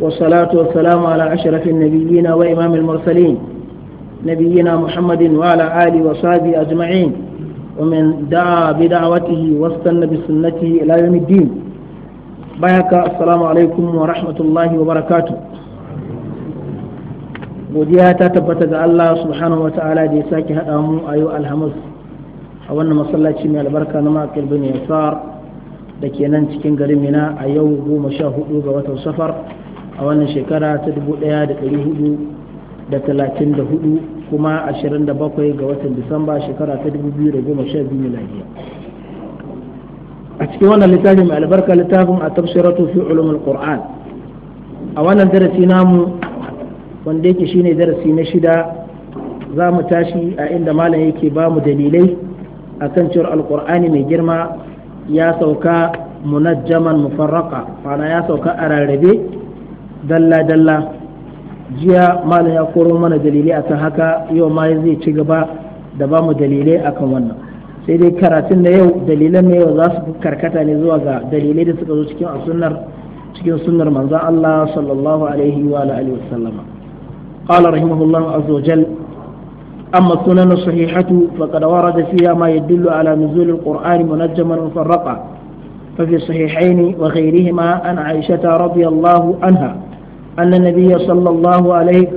والصلاة والسلام على أشرف النبيين وإمام المرسلين نبينا محمد وعلى آله وصحبه أجمعين ومن دعا بدعوته واستنى بسنته إلى يوم الدين بارك السلام عليكم ورحمة الله وبركاته godiya ta tabbata ga Allah subhanahu wa ta'ala da ya sake haɗa mu a yau alhamis a wannan masallaci mai albarka na makil bin yasar da ke nan cikin garin mina a yau goma sha hudu ga watan safar a wannan shekara ta dubu da da da hudu talatin hudu kuma ashirin da bakwai ga watan disamba shekara ta dubu biyu da goma sha 2012 miladiya a cikin wannan littafin mai albarka littafin a tafsiratu fi ulumul qur'an a wannan darasi namu wanda yake shine darasi na shida za mu tashi a inda malam yake ba mu dalilai a akan cewar alqur'ani mai girma ya sauka munajjaman mufarraka ma'ana ya sauka a rarrabe dalla dalla jiya malam ya koro mana dalilai akan haka yau ma zai ci gaba da ba mu dalilai akan wannan sai dai karatun na yau dalilan na yau za su karkata ne zuwa ga dalilai da suka zo cikin sunnar cikin sunnar manzon Allah sallallahu alaihi wa alihi wasallama qala rahimahullahu azza wajal أما السنن الصحيحة فقد ورد فيها ما يدل على نزول القرآن منجما مفرقا ففي الصحيحين وغيرهما عن عائشة رضي الله عنها أن النبي صلى الله عليه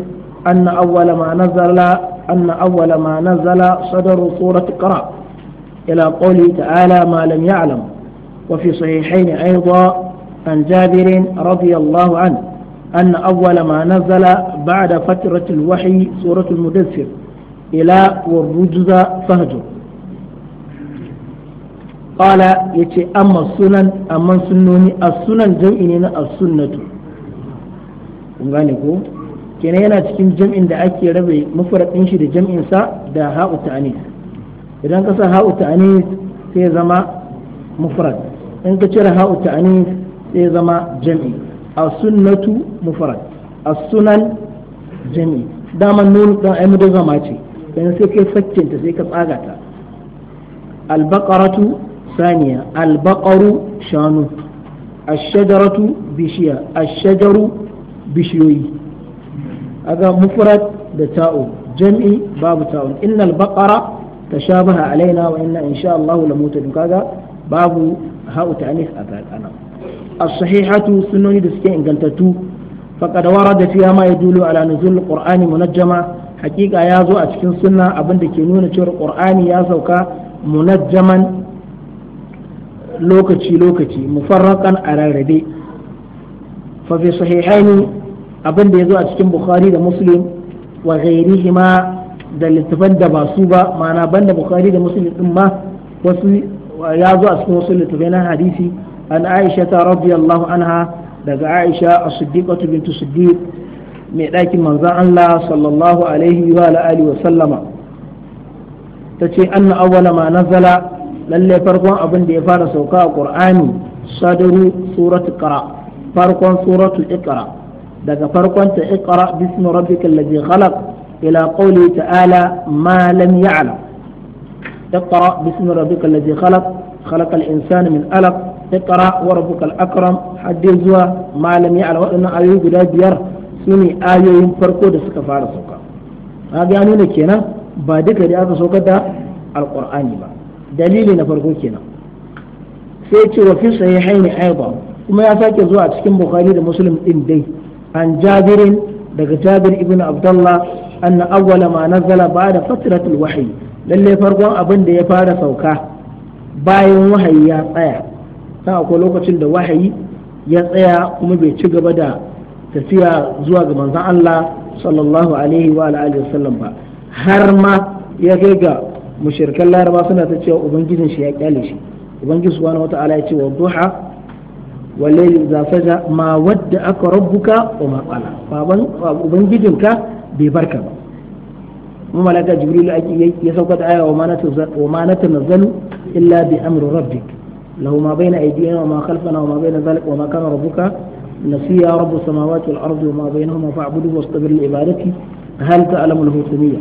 أن أول ما نزل أن أول ما نزل صدر سورة قراء إلى قوله تعالى ما لم يعلم وفي صحيحين أيضا عن جابر رضي الله عنه أن أول ما نزل بعد فترة الوحي سورة المدثر إلى والرجز فهجر قال يتي أما السنن أما السنن السنن جمعنا السنة kun gane ko kenan yana cikin jam'in da ake rabe mafaradin shi da jam'in sa da ha'u ta'anis idan ka sa ha'u ta'anis sai zama mufrad in ka cire ha'u ta'anis sai zama jam'i a sunnatu mufrad as-sunan jam'i dama nun da ai mu zama ce dan sai kai ta sai ka tsaga ta al saniya al shanu ash-shajaratu bishiya ash bishiyoyi aga mufrad da ta'u jam'i babu ta'u innal baqara tashabaha alaina wa inna insha Allah la duka ga babu ha'u ta'anis a kana as-sahihatu sunoni da suke ingantattu faqad warada fiha ma yadulu ala nuzul qur'ani munajjama hakika ya zo a cikin sunna abin da ke nuna cewa qur'ani ya sauka munajjaman lokaci lokaci mufarraƙan a rarrabe fa fi sahihaini abin da yazo a cikin bukhari da muslim wa ghairihima da littafan da ba su ba ma'ana banda bukhari da muslim din ma wasu ya zo a cikin wasu littafai hadisi an aisha ta radiyallahu anha daga aisha a siddiqatu bintu siddiq mai ɗakin manzon Allah sallallahu alaihi wa alihi wa sallama tace anna awwala ma nazala farkon abin da ya fara sauka a qur'ani sadaru suratu kara. فارقون سورة iqra daga فارقون ta باسم ربك الذي خلق إلى قوله تعالى ما لم يعلم اقرأ باسم ربك الذي خلق خلق الإنسان من ألق اقرأ وربك الأكرم حديثوا ما لم يعلم وأن آيوه قد بيار سني آيوه فرقو دسك سكا هذا يعني لكينا بعدك دي آتا سوكا دا القرآن دليل نفرقو كينا سيتي وفي صحيحين أيضا kuma ya sake zuwa cikin bukhari da muslim din dai an jabirin daga jabir ibn abdullah anna awwala ma nazzala ba'da fatratul wahyi lalle farkon abin da ya fara sauka bayan wahayi ya tsaya sai akwai lokacin da wahayi ya tsaya kuma bai ci gaba da tafiya zuwa ga manzon Allah sallallahu alaihi wa alihi wasallam ba har ma ya kai ga mushrikan laraba suna ta cewa ubangijin shi ya kyale shi ubangiji subhanahu wata'ala ya ce wa duha wallahi idza ma wadda aka rabbuka wa ma qala baban ubangijinka bai barka ba mu malaka jibril ya sauka da aya wa ma natanzalu illa bi amri rabbik lahu ma baina aydina wa ma khalfana wa ma baina zalika wa ma kana rabbuka nasiya rabbus samawati wal ardi wa ma bainahuma fa'budu wastabir li ibadati hal ta'lamu lahu samia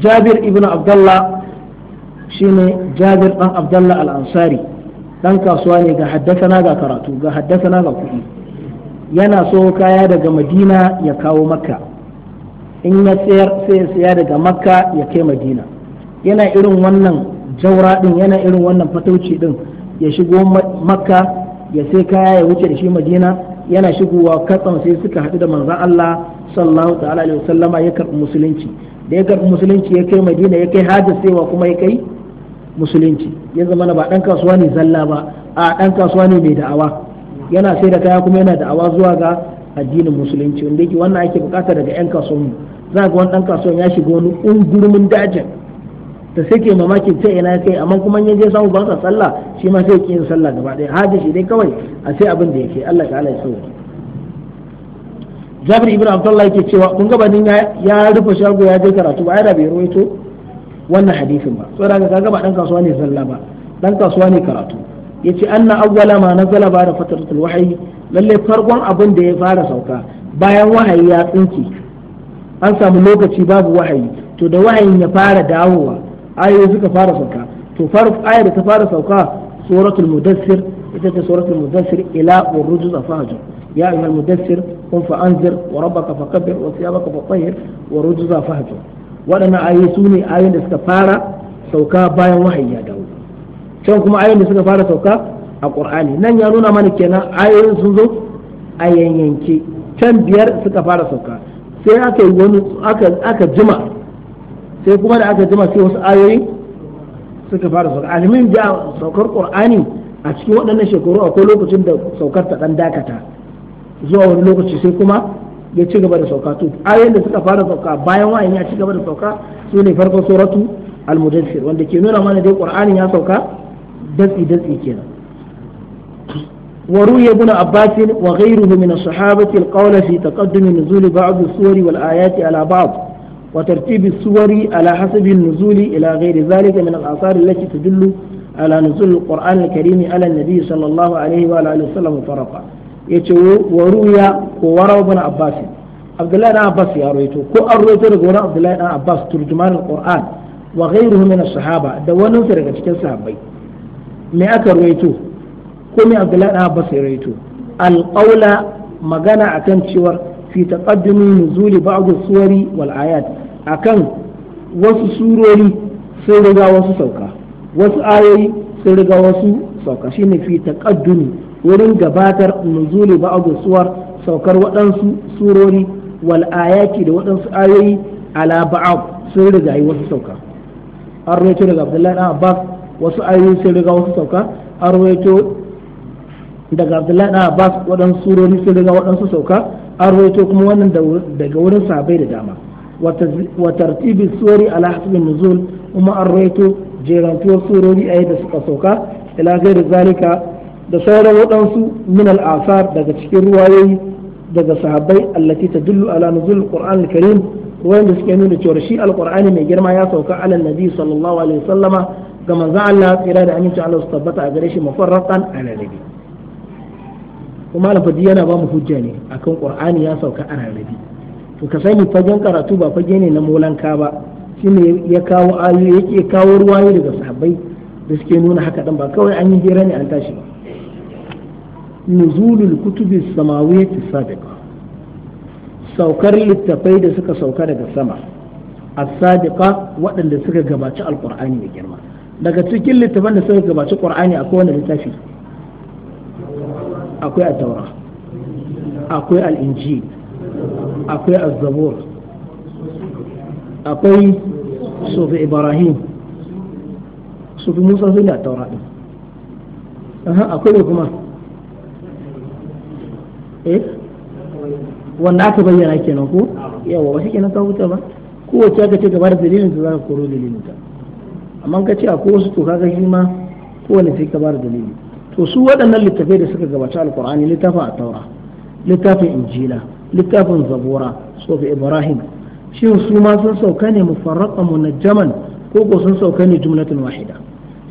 jabir ibn abdullah shine jabir dan abdullah al-ansari dan kasuwa ne ga haddasana ga karatu ga haddasana ga kuɗi yana so kaya daga madina ya kawo makka in ya tsayar sai ya saya daga makka ya kai madina yana irin wannan jaura din yana irin wannan fatauci ɗin ya shigo makka ya sai kaya ya wuce da shi madina yana shigowa katsan sai suka haɗu da manzan Allah sallallahu ta'ala alaihi wasallama ya karɓi musulunci da ya karɓi musulunci ya kai madina ya kai hajjar wa kuma ya kai musulunci ya zama ba dan kasuwa ne zalla ba a dan kasuwa ne mai da'awa yana sai da kaya kuma yana da'awa zuwa ga addinin musulunci wanda yake wannan ake bukata daga yan kasuwan za ga wani dan kasuwan ya shiga wani ungurumin dajin da sai ke mamaki ta ina kai amma kuma ya je samu ba sa sallah shi ma sai yin sallah gaba daya haji shi dai kawai a sai abin da yake Allah ta'ala ya sauya Jabir ibn Abdullah yake cewa kun ga ya rufe shago ya je karatu ba ai da bai ruwaito wannan hadisin ba saboda ga kaga ba dan kasuwa ne zalla ba dan kasuwa ne karatu yace anna awwala ma nazala ba da fatratul wahyi lalle farkon abin da ya fara sauka bayan wahayi ya tsinki an samu lokaci babu wahayi to da wahayin ya fara dawowa ayoyi suka fara sauka to ayar da ta fara sauka suratul mudassir ita ce suratul mudassir ila urujuz afahajur ya ayyuhal mudassir qum fa anzir wa rabbaka fakabbir wa thiyabaka wa waɗannan ayoyi su ne ayoyin da suka fara sauka bayan wahayi ya dawo can kuma ayoyin da suka fara sauka a ƙur'ani nan ya nuna mana kenan ayoyin sun zo a yanyanke can biyar suka fara sauka sai aka yi wani aka jima sai kuma da aka jima sai wasu ayoyi suka fara sauka alimin da saukar ƙur'ani a cikin waɗannan shekaru akwai lokacin da saukar ta ɗan dakata zuwa wani lokaci sai kuma ya ci gaba da sauka to ayoyin da suka fara sauka bayan wayan ya ci gaba da sauka su ne farkon suratu al-mudaththir wanda ke nuna mana dai qur'anin ya sauka datsi datsi kenan وروي ابن عباس وغيره من الصحابة القول في تقدم نزول بعض السور والآيات على بعض وترتيب السور على حسب النزول إلى غير ذلك من الآثار التي تدل على نزول القرآن الكريم على النبي صلى الله عليه وآله وسلم فرقا yace wa ruya ko warawa bana abbas abdullahi dan abbas ya rawaito ko an rawaito daga wani abdullahi dan abbas turjuman alquran wa ghayruhu min sahaba da wani daga cikin sahabbai me aka rawaito ko me abdullahi dan abbas ya rawaito alqaula magana akan cewar fi taqaddumi nuzuli ba'd suwari wal ayat akan wasu surori sun riga wasu sauka wasu ayoyi sun riga wasu sauka shine fi taqaddumi wurin gabatar nuzuli ba suwar saukar waɗansu surori wal ayati da waɗansu ayoyi ala ba'd sun riga yi wasu sauka an rawaito daga Abdullahi dan Abbas wasu ayoyi sun riga wasu sauka an rawaito daga Abdullahi dan Abbas waɗansu surori sun riga waɗansu sauka an rawaito kuma wannan daga wurin sahabbai da dama wa tartibi suwari ala hasbi nuzul kuma an rawaito jerantuwar surori a yadda suka sauka ila gairi zalika da sauran waɗansu min al'asar daga cikin ruwayoyi daga sahabbai allati tadullu ala nuzul qur'an al-karim wanda suke nuna cewa shi alqur'ani mai girma ya sauka ala nabi sallallahu alaihi wasallama ga manzo Allah tsira da aminci Allah su tabbata a gare shi mufarraqan ala nabi kuma alfadi yana ba mu hujja ne akan qur'ani ya sauka ala nabi to ka sani fagen karatu ba fage ne na molanka ba shine ya kawo ayoyi yake kawo ruwaye daga sahabbai da suke nuna haka dan ba kawai an yi hira ne an tashi ba نزول الكتب السماوية السابقة saukar littafai da suka sauka daga sama as-sadiqa waɗanda suka gabaci alqur'ani mai girma daga cikin littafan da suka gabaci qur'ani akwai wanda littafi akwai at-taura akwai al-injil akwai az-zabur akwai sufi ibrahim sufi musa sun da taura din akwai kuma eh wanda aka bayyana kenan ko yawa wasu kenan ta huta ba kowace aka ce gaba da dalilin da za ka koro dalilin ta amma ka ce ko wasu to kaga shi ma kowane sai ka bada dalili to su waɗannan littafai da suka gabata alkur'ani littafin ataura littafin injila littafin zabura sofi ibrahim shi su ma sun sauka ne mufarraqa munajjaman ko ko sun sauka ne jumlatin wahida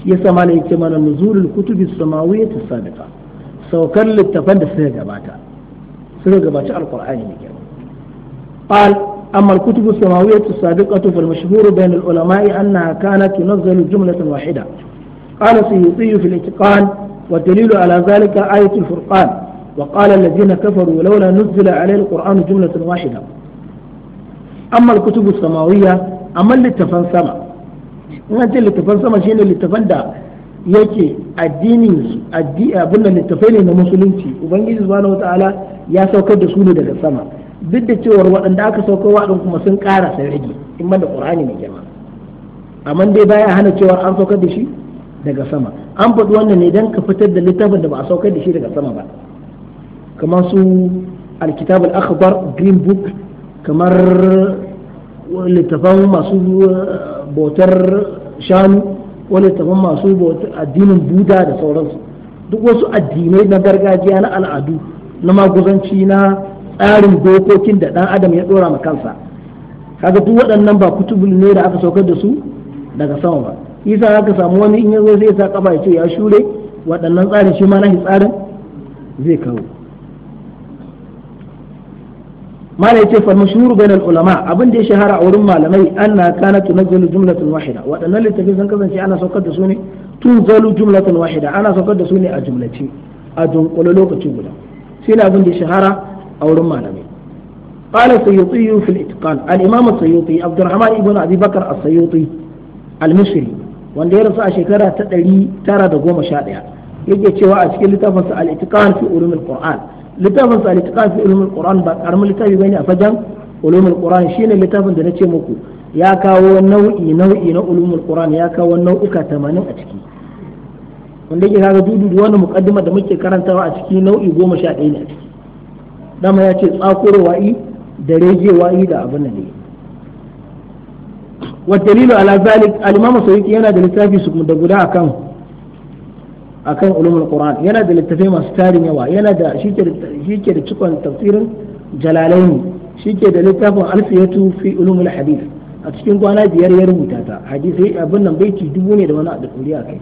shi yasa malai yake mana nuzulul kutubi samawiyyati sabiqa saukar littafan da suka gabata suka gabaci alkur'ani ne kenan qal amma al-kutub as-samawiyyah as-sabiqah fal mashhur bain al-ulama'i annaha kanat jumlatan wahida قال السيوطي في الاتقان والدليل على ذلك آية الفرقان وقال الذين كفروا لولا نزل عليه القرآن جملة واحدة أما الكتب السماوية أما littafan sama in an ce littafan sama shine littafan da yake addini abin da littafai ne na musulunci ubangiji subhanahu ya saukar da su ne daga sama duk da cewar waɗanda aka saukar waɗin kuma sun ƙara sai rage in ban da ƙur'ani mai girma amma dai baya hana cewar an saukar da shi daga sama an faɗi wannan ne don ka fitar da littafin da ba a saukar da shi daga sama ba kamar su alkitab al-akhbar green book kamar littafan masu eh, bautar shanu ko littafan masu addinin buda da sauransu duk wasu addinai na gargajiya na al'adu na maguzanci na tsarin dokokin da ɗan adam ya dora ma kansa kaga duk waɗannan ba kutubul ne da aka saukar da su daga sama ba isa haka samu wani in yazo zai sa kafa ya ce ya shure waɗannan tsarin shi ma nahi tsarin zai kawo mala yace fa mashhur bainal ulama abin da ya shahara a wurin malamai anna kana tunazzalu jumlatin wahida waɗannan littafin sun kasance ana saukar da su ne tunzalu jumlatun wahida ana saukar da su ne a jumlace a dunkule lokaci guda shine abin da shahara a wurin malamai قال السيوطي في الاتقان الامام السيوطي عبد الرحمن بن ابي بكر السيوطي المصري wanda ya rasu a shekara ta ɗari tara da goma sha ɗaya yake cewa a cikin littafinsa al-itiqan fi ulumul littafinsa al-itiqan fi ulumul qur'an ba karamin littafi bane a fajan ulumul qur'an shine littafin da na ce muku ya kawo nau'i nau'i na ulumul qur'an ya kawo nau'uka tamanin a ciki wanda yake kaga dudu wani mukaddima da muke karantawa a cikin nau'i goma sha ɗaya ne a ciki dama ya ce tsakurowa yi da rejewa i da abin ne wa dalilu ala zalik al-imam sayyidi yana da littafi su da guda akan akan ulumul qur'an yana da littafai masu tarin yawa yana da shike da cikon tafsirin jalalaini shike da littafin alfiyatu fi ulumul hadith a cikin kwana biyar ya rubuta ta hadisi abin nan baiti dubu ne da wani a kai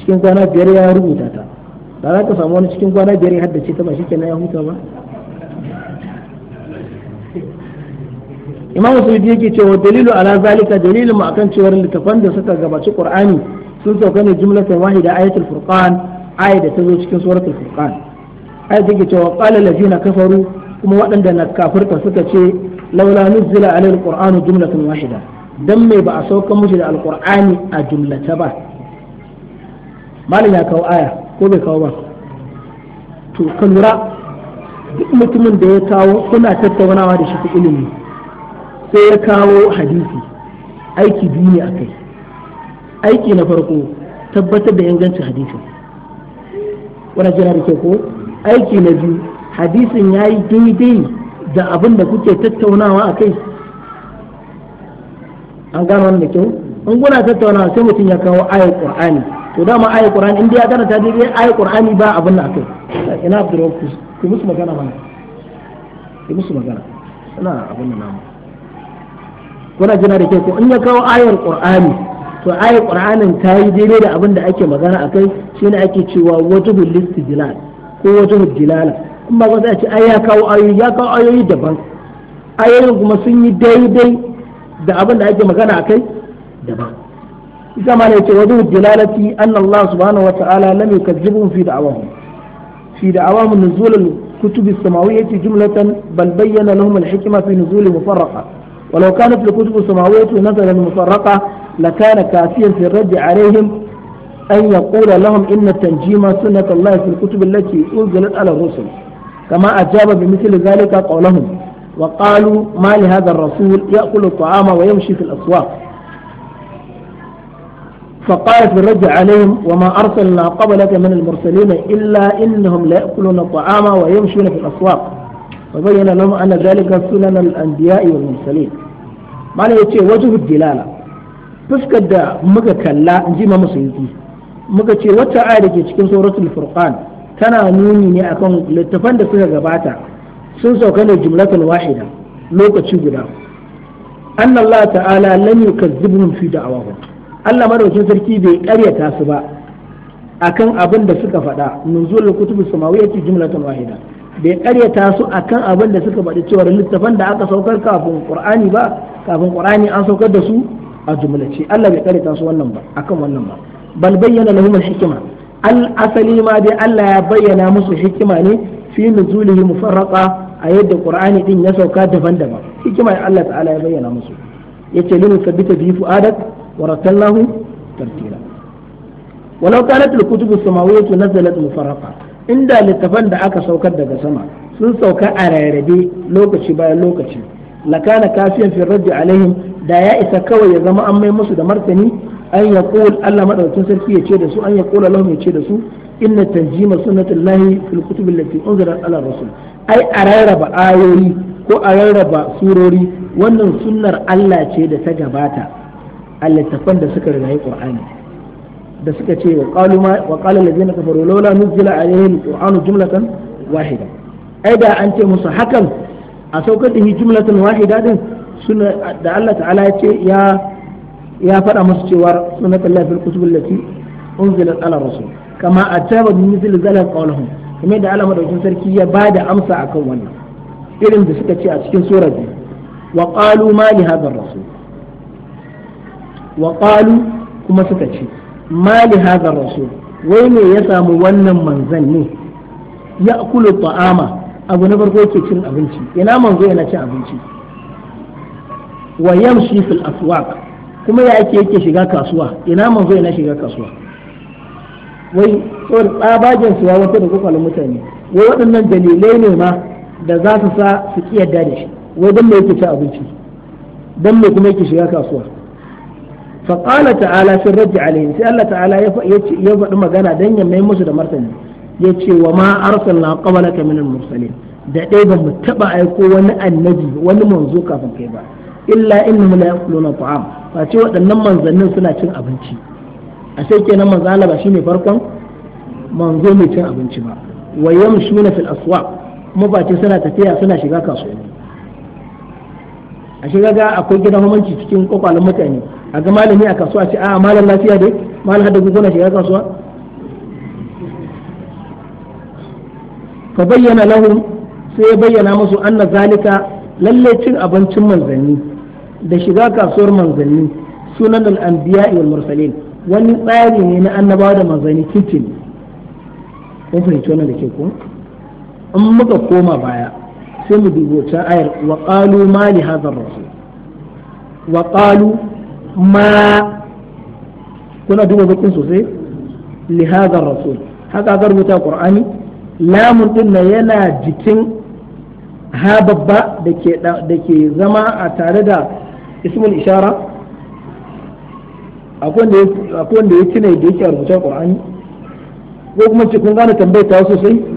cikin kwana biyar ya rubuta ta ba za ka samu wani cikin kwana biyar ya haddace ta ba shi kenan ya huta ba imamu yake cewa dalilu ala zalika dalilu mu akan cewar littafan da suka gabaci qur'ani sun sauka ne jumlatan wahida ayatul furqan ayat da ta zo cikin suratul furqan ayat yake cewa qala allazina kafaru kuma waɗanda na kafirta suka ce laula nuzila alal qur'anu jumlatan wahida dan me ba a sauka mushi da alqur'ani a jumlata ba malam ya kawo aya ko bai kawo ba to ka lura duk mutumin da ya kawo kuna tattaunawa da shi ta ilimi sai ya kawo hadisi aiki biyu ne akai aiki na farko tabbatar da ingancin hadisin wani jira da ke ko aiki na biyu hadisin ya yi daidai da abin da kuke tattaunawa a kai an gano wannan da kyau in kuna tattaunawa sai mutum ya kawo ayat qur'ani to dama ayi qur'ani in dai ya karanta dai ayi qur'ani ba abin nan akai ina abdurrahman ku ku musu magana ba ku musu magana ina abin nan namu kuna jina da ke ko in ya kawo ayar qur'ani to ayi qur'anin ta yi daidai da abin da ake magana akai shine ake cewa wajibul listijlal ko wajibul jilala kuma ba za a ce ai ya kawo ayoyi ya kawo ayoyi daban ayoyin kuma sun yi daidai da abin da ake magana akai daban كما ma الدلالة أن الله سبحانه وتعالى لم يكذبهم في ta'ala في yukazzibhum نزول الكتب السماوية جملة بل بين لهم الحكمة في نزول مفرقة ولو كانت الكتب السماوية نزلا مفرقة لكان كافيا في الرد عليهم أن يقول لهم إن التنجيم سنة الله في الكتب التي أنزلت على الرسل كما أجاب بمثل ذلك قولهم وقالوا ما لهذا الرسول يأكل الطعام ويمشي في الأسواق فقالت الرد عليهم وما أرسلنا قبلك من المرسلين إلا إنهم ليأكلون الطعام ويمشون في الأسواق وبين لهم أن ذلك سنن الأنبياء والمرسلين ما يتي وجه الدلالة fuskar da muka kalla in ji ma musulunci muka ce wata aya da ke cikin suratul furqan tana nuni ne akan littafan da suka gabata sun sauka da jumlatul wahida lokaci guda anna ta'ala lam yukazzibuhum fi da'awahum Allah madaukin sarki bai karyata su ba akan abin da suka faɗa nuzulul kutubi samawiyyati jumlatan wahida bai karyata su akan abin da suka faɗi cewa littafan da aka saukar kafin qur'ani ba kafin qur'ani an saukar da su a jumlace Allah bai karyata su wannan ba akan wannan ba bal bayyana lahum hikima hikma al-asali ma dai Allah ya bayyana musu hikima ne fi nuzulihi mufarraqa a yadda qur'ani din ya sauka daban-daban hikima Allah ta'ala ya bayyana musu yace lin sabita bi fu'adak ورتلناه ترتيلا ولو كانت الكتب السماوية نزلت مفرقة عند لتفند أكا سوكا دقا سما سن سوكا أراربي لوكتشي باي لوكتشي لكان كافيا في الرد عليهم دا يا إسا كوي يزما أمي مسو دا مرتني أن يقول ألا مدعو تنسر فيه يتشيد سو أن يقول لهم يتشيد سو إن تنجيم سنة الله في الكتب التي أنزلت على الرسول أي أرارب آيوري ko a rarraba surori wannan sunnar Allah ce da ta gabata a littafan da suka rigayi qur'ani da suka ce wa qalu ma wa qala allazina kafaru laula nuzila alayhi alqur'anu jumlatan wahida ai da an ce musu hakan a saukar da jumlatan wahida da Allah ta'ala ya ce ya ya faɗa musu cewa sunatullahi fil kutubil lati unzilat ala rasul kama ataba min mithli zalika qawluhum kamar da sarki ya ba da amsa akan wannan irin da suka ce a cikin sura biyu ma wa qalu kuma suka ce mali li hadha rasul wai ne ya samu wannan manzan ne ya akulu ta'ama abu na farko yake cin abinci ina manzo yana cin abinci wa yamshi fil aswaq kuma ya yake yake shiga kasuwa ina manzo yana shiga kasuwa wai tsawar tsabagen suwa wata da kwakwalin mutane wai waɗannan dalilai ne ma da za su sa su ƙi yadda da shi wai don me yake ci abinci don me kuma yake shiga kasuwa fa qala ta'ala fi raji alaihim sai Allah ta'ala ya ya faɗi magana dan ya mai musu da martani yace wa ma arsalna qablaka min al-mursalin da ba mu taba aiko wani annabi wani manzo kafin kai ba illa innahum la yaquluna ta'am fa ce waɗannan manzannin suna cin abinci a sai kenan manzo Allah ba shine farkon manzo mai cin abinci ba wa yamshuna fil aswaq ba ce suna tafiya suna shiga kasuwanni a shiga ga akwai gidan homanci cikin kwakwalin mutane a ga malami a kasuwa ce a malam lafiya dai malam hada na shiga kasuwa fa bayyana lahum sai ya bayyana musu anna zalika lalle cin abincin manzanni da shiga kasuwar manzanni sunan al-anbiya wal wani tsari ne na annabawa da manzanni kitchen kun fahimci wannan da ke ku in muka koma baya sai mu dubo can ayar wa qalu ma li hadha rasul wa qalu ma kuna duba bakin sosai li hadha rasul haka aka rubuta qur'ani lamun din nan yana jikin ha babba da ke zama a tare da ismul ishara akwai wanda ya tunai da yake a rubuta qur'ani ko kuma ce kun gane tambayar ta sosai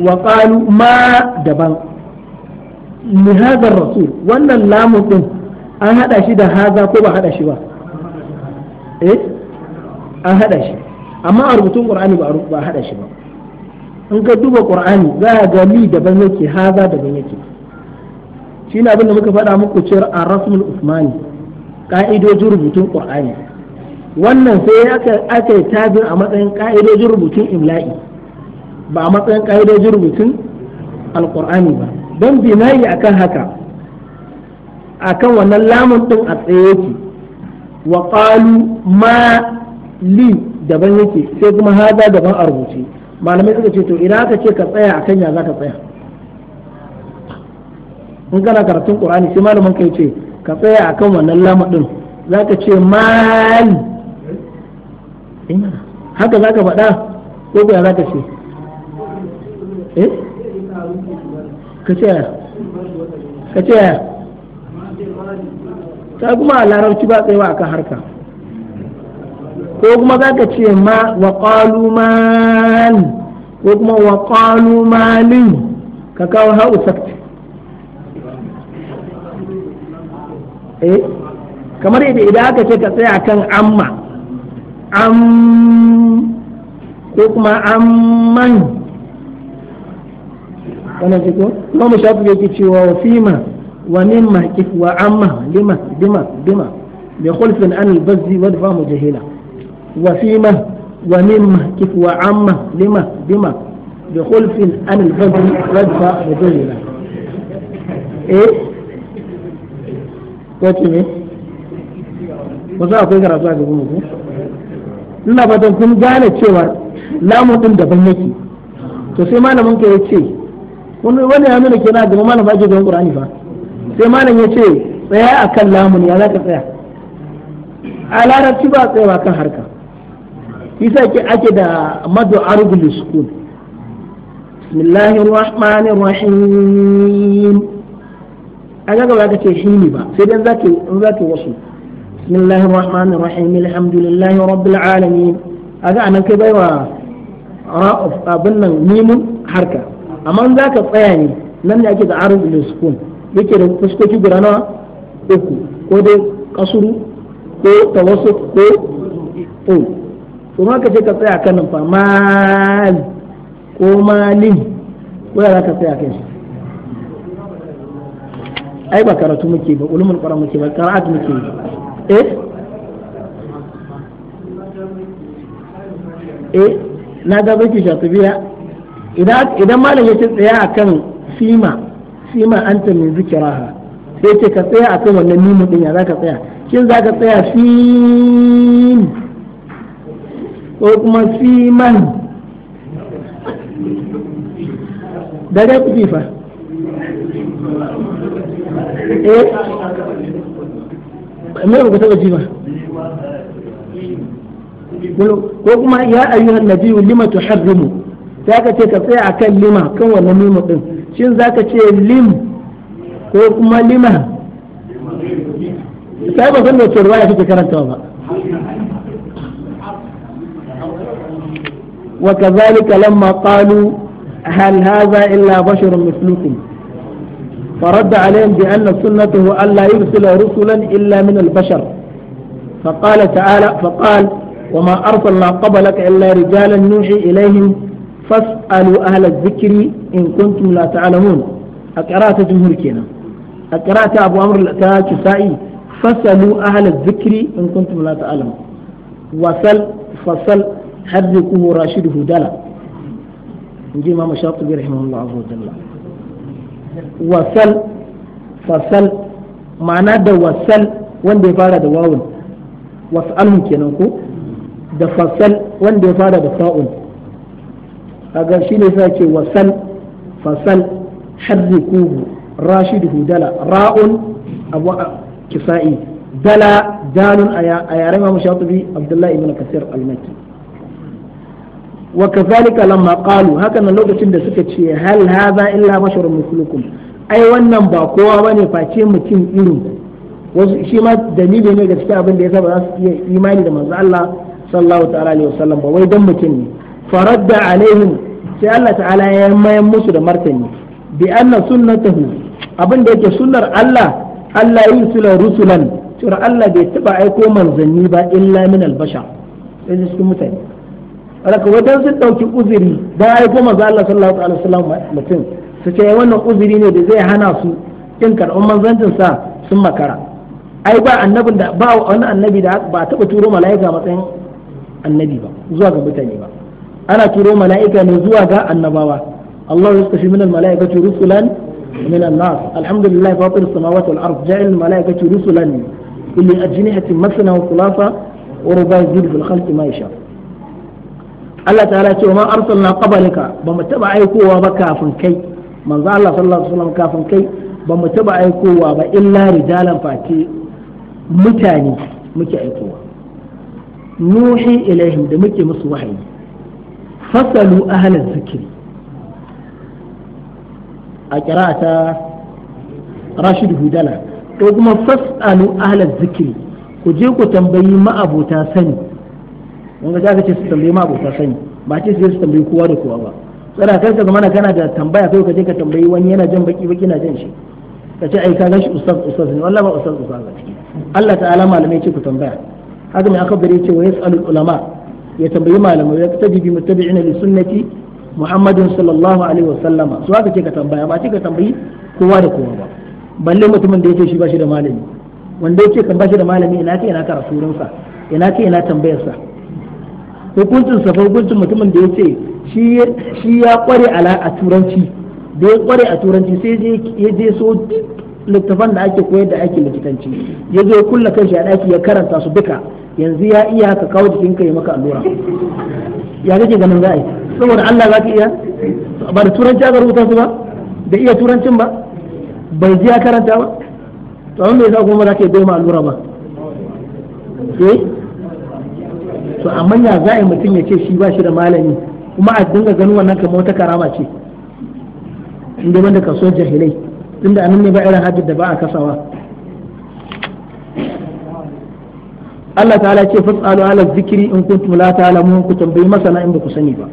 wa qalu ma daban li hadha rasul wannan lamun din an hada shi da haza ko ba hada shi ba eh an hada shi amma a rubutun qur'ani ba ba hada shi ba in ka duba qur'ani za a ga li daban yake haza daban yake shine abin da muka faɗa muku cewa a rasmul usmani ƙa'idojin rubutun qur'ani wannan sai aka aka tabin a matsayin ƙa'idojin rubutun imla'i ba a matsayin ƙa'idojin rubutun alƙur'ani ba don binayi kan haka a kan wannan lamun ɗin a tsaye yake wa ƙalu ma li daban yake sai kuma haza daban a rubuce malamai suka ce to idan aka ce ka tsaya a kan ya za ka tsaya in kana karatun ƙur'ani sai malamin ka ce ka tsaya a kan wannan lamun ɗin za ka ce mali eh haka za ka faɗa ko kuwa za ka ce eh ka ce ka ce ta kuma a larabci ba tsayawa akan harka ko kuma za ka ce ma wa qalu ko kuma wa qalu ka kawo ha'u sakti eh? kamar yadda idan aka ce ka tsaya kan amma am ko kuma amman wannan ce ko mu shafi yake cewa wa fima wa mimma kif wa amma lima bima bima bi khulfin an al-bazzi wa dafa mujahila wa fima wa mimma kif wa amma lima bima bi khulfin an al-bazzi wa dafa mujahila eh ko ce ne ko wasu akwai karatu a gaban ku ina fatan kun gane cewa lamu din daban yake to sai malamin ka yace wani wani ya nuna kenan da malam ake gaban qur'ani fa sai malam ya ce tsaya akan lamun ya zaka tsaya a larabci ba tsayawa kan harka isa ke ake da madu argul sukun bismillahir rahmanir rahim a ga gaba ka ce shine ba sai dan zaka in zaka wasu bismillahir rahmanir rahim alhamdulillahi rabbil alamin a ga anan kai baiwa abin nan nimun harka amma za ka tsaya ne nan ne ake da arin da sukun yake da fuskoki guda nawa uku ko dai kasuru ko tawassu ko o to ma ka ce ka tsaya kan nan fa mal ko malin ko ya za ka tsaya kan shi ai ba karatu muke ba ulumul qur'an muke ba qira'at muke eh eh na ga baki biya. idan malam ya ce tsaya kan sima sima anta min zikraha sai ce ka tsaya kan wannan mimu din ya zaka tsaya shin ka tsaya sim ko kuma siman da dai ku fa eh me ba ku taba ji ba ko kuma ya ayyuhan nabiyyu lima tuharrimu sai ka ce ka tsaya a lima kan wannan mimu din shin za ka ce lim ko kuma lima sai ba san da ce ya fi karanta ba wa kazalika lamma qalu hal hadha illa basharun mislukum فرد عليهم بأن سنته أن لا يرسل رسلا إلا من البشر فقال تعالى فقال وما أرسلنا قبلك إلا رجالا نوحي إليهم fas'alu ahla dhikri in kuntum la ta'lamun a qira'ata jumhur kenan a qira'ata abu amr ta kisa'i fasalu ahla dhikri in kuntum la ta'lamun wasal fasal haddukum rashidu dala inji imam shafi'i rahimahullah azza wa jalla wasal fasal ma'ana da wasal wanda ya fara da wawun wasalhum kenan ko da fasal wanda ya fara da kaga shi ne sai ce wasal fasal harrikuhu rashidu dala ra'un abu kisa'i dala dalun a yaren Imam Shatibi Abdullah ibn Kathir al-Makki wa kazalika lamma qalu haka nan lokacin da suka ce hal hadha illa basharun mislukum ai wannan ba kowa bane face mutum irin wasu shi ma dalili ne ga cikin abin da yasa ba za su iya imani da manzo Allah sallallahu ta'ala alaihi wasallam ba wai dan mutum ne faradda alaihim sai Allah ta'ala ya mayan musu da martani bi anna sunnatahu abin da yake sunnar Allah Allah yusula rusulan to Allah bai taba aiko manzanni ba illa min albasha sai cikin mutane raka wajen sun dauki uzuri da aiko manzo Allah sallallahu alaihi wasallam mutum su ce wannan uzuri ne da zai hana su kin karɓar manzancin sa sun makara ai ba annabin da ba wani annabi da ba taba turo mala'ika matsayin annabi ba zuwa ga mutane ba ana turo mala'ika ne zuwa ga annabawa Allah ya stafi shi al-mala'ikati rusulan min an-nas alhamdulillah fatir as-samawati wal ard ja'al al-mala'ikati rusulan li ajnihati masna wa thulatha wa ruba' yazid fil khalqi ma yasha Allah ta'ala ce ma arsalna qablaka ba mu taba aikowa ba kafin kai manzo Allah sallallahu alaihi wasallam kafin kai ba mu taba aikowa ba illa rijalan fati mutane muke aikowa nuhi ilaihim da muke musu wahayi fasalu ahalin zikiri a kira ta rashid hudala ko kuma fasalu ahalin zikiri ku je ku tambayi ma'abota sani wanda za ka ce su tambayi ma'abota sani ba ce su tambayi kowa da kowa ba tsara kai ka zama kana da tambaya kai ka je ka tambayi wani yana jan baki baki na jan shi ka ce ai ka gashi ustaz ustaz ne wallahi ba ustaz ustaz ba Allah ta'ala malamai ce ku tambaya haka mai akabari ce wa yasalul ulama ya tambayi malamai ya tabi bi muttabi'ina li sunnati muhammadin sallallahu alaihi wasallama su haka ce ka tambaya ba ce ka tambayi kowa da kowa ba balle mutumin da yake shi ba shi da malami wanda yake kan ba shi da malami ina ce ina karaturin sa ina ce ina tambayar sa hukuncin sa hukuncin mutumin da yace shi shi ya kware ala a turanci da ya kware a turanci sai je ya je so littafan da ake koyar da ake likitanci ya zo kulla kanshi a daki ya karanta su duka yanzu ya iya ka kawo ka yi maka allura ya kake ganin za a yi saboda Allah za ka iya ba da turanci aka rubuta su ba da iya turancin ba bai ji ya karanta ba to wanda ya sa kuma za ka yi goma allura ba eh to amma ya za a yi mutum ya ce shi ba shi da malami kuma a dinga ganin wannan kamar wata karama ce inda wanda kaso jahilai inda anan ne ba irin hajji da ba a kasawa Allah ta'ala ce fas'alu ala zikiri in kuntum la ta'lamun ku tambayi masana in ba ku sani ba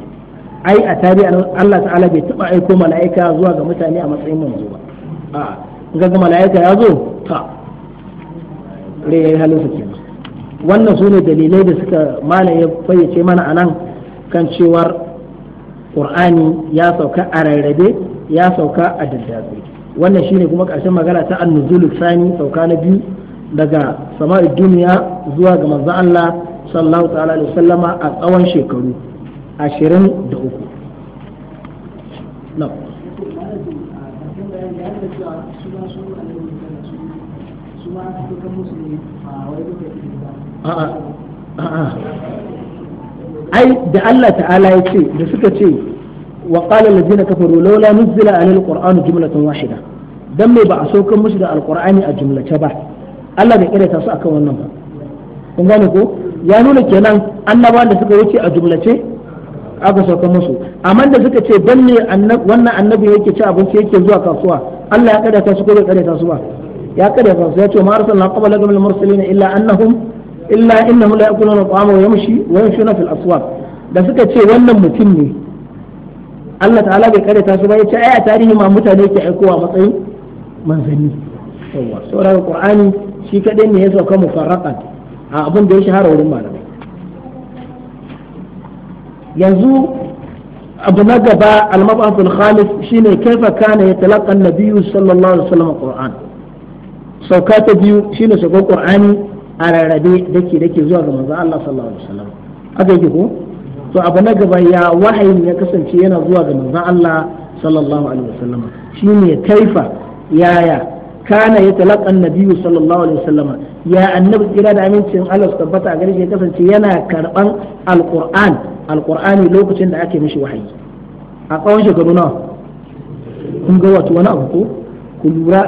ai a tarihi Allah ta'ala bai taba aiko mala'ika zuwa ga mutane a matsayin manzo ba a in ga mala'ika ya zo ta re halin su kenan wannan sune dalilai da suka malai ya fayyace mana anan kan cewar qur'ani ya sauka a rarrabe ya sauka a daddabe wannan shine kuma ƙarshen magana ta annuzulu sani sauka na biyu daga sama'i duniya zuwa ga manzon Allah sallallahu ta'ala alaihi sallama a tsawon shekaru 23 na ai da Allah ta'ala ya ce da suka ce wa qala allazina kafaru laula nuzila alal qur'anu jumlatan wahida dan me ba a kan musu da alqur'ani a jumlace ba Allah bai kare su akan wannan ba kun gane ko ya nuna kenan annaba da suka wuce a jumlace aka sauka musu amma da suka ce dan ne wannan annabi yake ci abinci yake zuwa kasuwa Allah ya ta su ko bai kare su ba ya kare su ya ce ma arsalna lakum al mursalin illa annahum illa innahum la yakuluna ta'ama wa yamshi wa yamshuna fil aswaq da suka ce wannan mutum ne Allah ta'ala bai ta su ba ya ce ai a tarihi ma mutane ke aikowa matsayin manzanni yawa saboda qur'ani shi kadai ne ya sauka mufarraqan a abin da ya shahara wurin malamai yanzu abu na gaba al-mab'athul khamis shine kaifa kana yatalaqqa an-nabiyyu sallallahu alaihi wasallam qur'an sauka ta biyu shine sauka qur'ani a rarrabe dake dake zuwa ga manzo Allah sallallahu alaihi wasallam haka yake ko to abu na gaba ya wahayin ya kasance yana zuwa ga manzo Allah sallallahu alaihi wasallam shine kaifa yaya kana ya talaka annabi sallallahu alaihi wasallam ya annabi kira da amincin Allah su tabbata a gare shi kasance yana karban alquran alqurani lokacin da ake mishi wahayi a tsawon shekaru nawa kun ga wato wani abu ko ku lura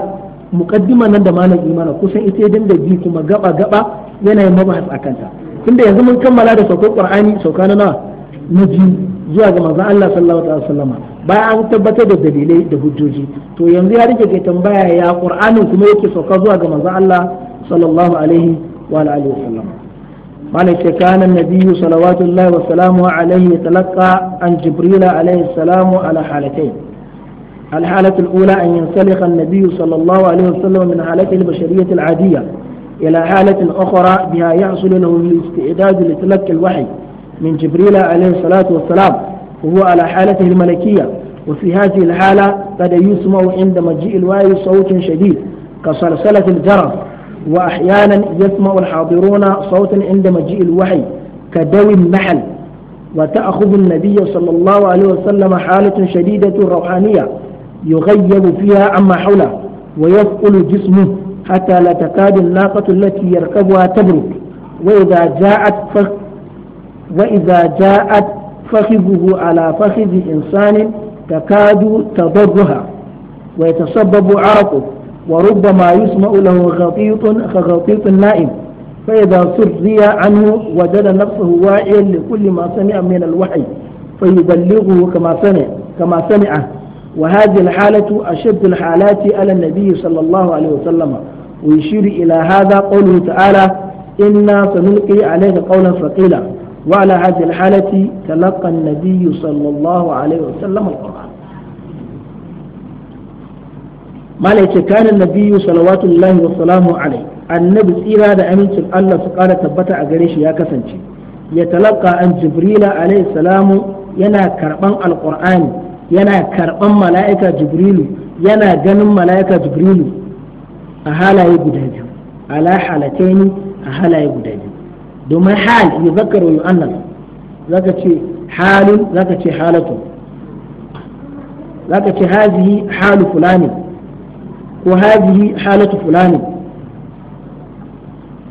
muqaddima nan da malam imana kusan ita ya dinga bi kuma gaba gaba yana yin mabahas akanta tunda yanzu mun kammala da saukar qur'ani sauka na nawa na biyu zuwa ga manzon Allah sallallahu alaihi wasallam bayan an tabbatar da dalilai da hujjoji to yanzu ya rike kai tambaya ya qur'anin kuma yake sauka zuwa ga manzon Allah sallallahu alaihi wa alihi wasallam مالك كان النبي صلوات الله وسلامه عليه يتلقى عن جبريل عليه السلام على حالتين الحالة الأولى أن ينسلخ النبي صلى الله عليه وسلم من حالته البشرية العادية إلى حالة أخرى بها يحصل له الاستعداد لتلقي الوحي من جبريل عليه الصلاة والسلام وهو على حالته الملكية وفي هذه الحالة قد يسمع عند مجيء الوحي صوت شديد كصلصلة الجرس وأحيانا يسمع الحاضرون صوتا عند مجيء الوحي كدوي النحل وتأخذ النبي صلى الله عليه وسلم حالة شديدة روحانية يغيب فيها عما حوله ويثقل جسمه حتى لا تكاد الناقة التي يركبها تبرك وإذا جاءت وإذا جاءت فخذه على فخذ إنسان تكاد تضرها ويتسبب عاقب وربما يسمع له غطيط كغطيط النائم فإذا سري عنه وجد نفسه واعيا لكل ما سمع من الوحي فيبلغه كما سمع كما سمعه وهذه الحالة أشد الحالات على النبي صلى الله عليه وسلم ويشير إلى هذا قوله تعالى إنا سنلقي عليك قولا ثقيلا وعلى هذه الحالة تلقى النبي صلى الله عليه وسلم القرآن ما كان النبي صلوات الله وسلامه عليه annabi tsira da amincin Allah su ƙara tabbata a gare shi ya kasance ya talaka an jibrila alayhi salamu yana karban alqur'ani yana karban mala'ika jibrilu yana ganin mala'ika jibrilu a halaye ala a halaye guda biyu domin hal yuzakkar wa yu'annas zaka ce halun zaka ce halatu zaka ce hazihi halu fulani ko hazihi halatu fulani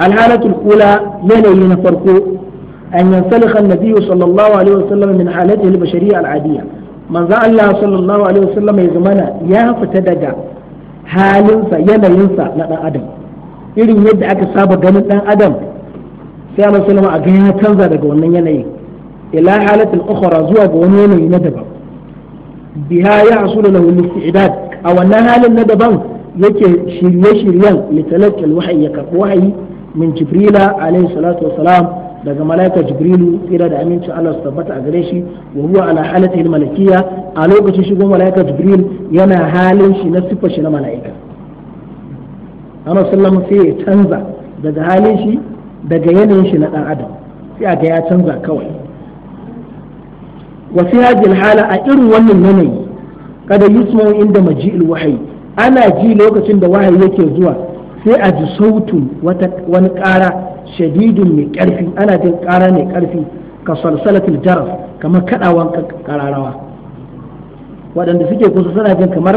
الحالة الأولى يلي نفرقو أن ينسلخ النبي صلى الله عليه وسلم من حالته البشرية العادية من ذا الله صلى الله عليه وسلم يزمنا يا فتدقى حالنسا يلينسا لنا أدم إذن يدعك سابق من أدم sai annabi a ga ya canza daga wannan yanayin ila halatul ukhra zuwa ga wani yanayi na daban biha ya hasulu lahu al-istidad a wannan halin na daban yake shirye-shiryen litalaqqi wahyi ya karbi wahayi min jibrila alayhi salatu wassalam daga malaika jibrilu tsira da aminci Allah su tabbata a gare shi wa huwa ala halati malakiyya a lokacin shigo malaika jibril yana halin shi na sifar shi na malaika ana sallama sai ya canza daga halin shi daga yanayin shi na ɗan adam sai a ga ya canza kawai wasu hajjil hala a irin wannan yanayi kada yusma inda maji'il wahayi ana ji lokacin da wahayi yake zuwa sai a ji sautun wani ƙara shadidun mai ƙarfi ana jin ƙara mai ƙarfi ka salsalatul jaraf kamar kaɗawan ƙararrawa waɗanda suke kusa suna jin kamar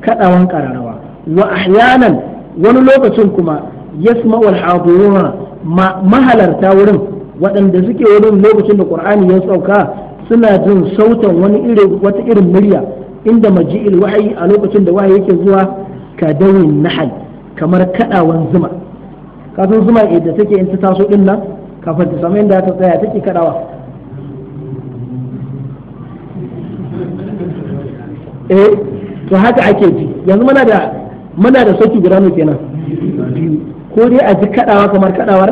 kaɗawan ƙararrawa wa ahyanan wani lokacin kuma yasma wal hadiruna mahalarta wurin waɗanda suke wurin lokacin da ƙur'ani ya sauka suna jin sautan wani irin wata irin murya inda maji'il wahayi a lokacin da wahayi yake zuwa ka dawo nahal kamar kadawan zuma kafin zuma idan take in ta taso din nan kafin ta samu inda ta tsaya take kadawa eh to haka ake ji yanzu muna da muna da sauki guda mu kenan ko dai a ji kadawa kamar kadawar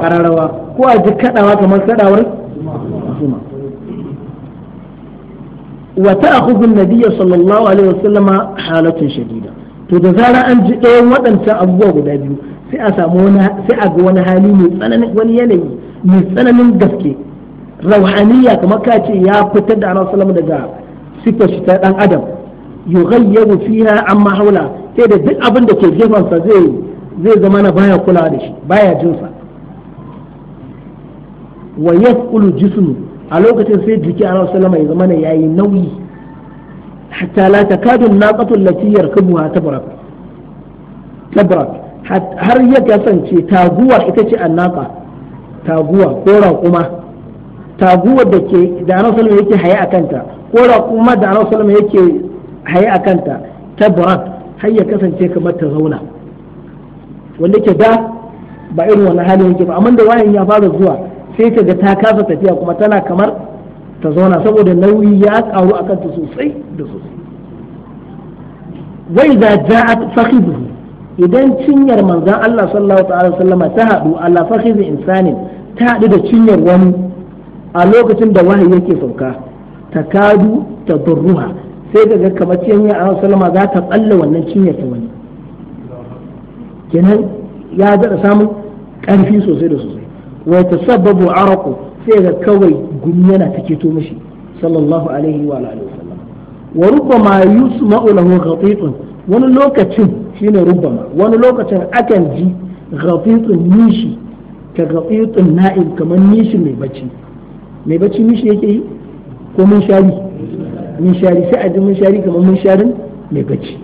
ƙararrawa ko a ji kadawa kamar kaɗawar zuma wa ta'khudhu an-nabiyyu sallallahu alaihi wasallama halatun shadida to da zara an ji ɗayan waɗancan abubuwa guda biyu sai a samu wani sai a ga wani hali mai tsananin wani yanayi mai tsananin gaske rauhaniya kamar ka ce ya fitar da annabi sallallahu daga sifar shi ta dan adam yughayyabu fiha amma haula sai da duk abin da ke gefansa zai zai zama na baya kulawa da shi baya jinsa wa Kulu jismu a lokacin sai jiki a sallama ya zama na yayi nauyi hatta la takadu naqatu allati yarkabuha tabrak tabrak har ya kasance taguwar ita ce annaka taguwa ko raƙuma taguwar da ke da annabi salama yake haye kanta ko raƙuma da annabi salama yake haye ta tabrak har ya kasance kamar ta zauna wanda ke da ba irin wani hali yake ba amma da wayan ya fara zuwa sai kaga ga ta kasa tafiya kuma tana kamar ta zauna saboda nauyi ya karu akan ta sosai da sosai wai za ja'at fakhiduhu idan cinyar manzon Allah sallallahu ta'ala sallama ta hadu ala fakhidhi insanin ta hadu da cinyar wani a lokacin da wahayi yake sauka takadu tadurruha sai daga kamar cinyar Allah sallama za ta tsalla wannan cinyar ta wani kenan ya daɗa samun ƙarfi sosai da sosai wai ta sababu araku sai ga kawai gumi yana ta keto mashi sallallahu alaihi wa alihi wasallam wa rubbama yusma'u lahu ghatitun wani lokacin shine rubbama wani lokacin akan ji ghatitun nishi ka ghatitun na'im kamar nishi mai bacci mai bacci nishi yake yi ko mun shari mun shari sai a ji mun shari kamar mun sharin mai bacci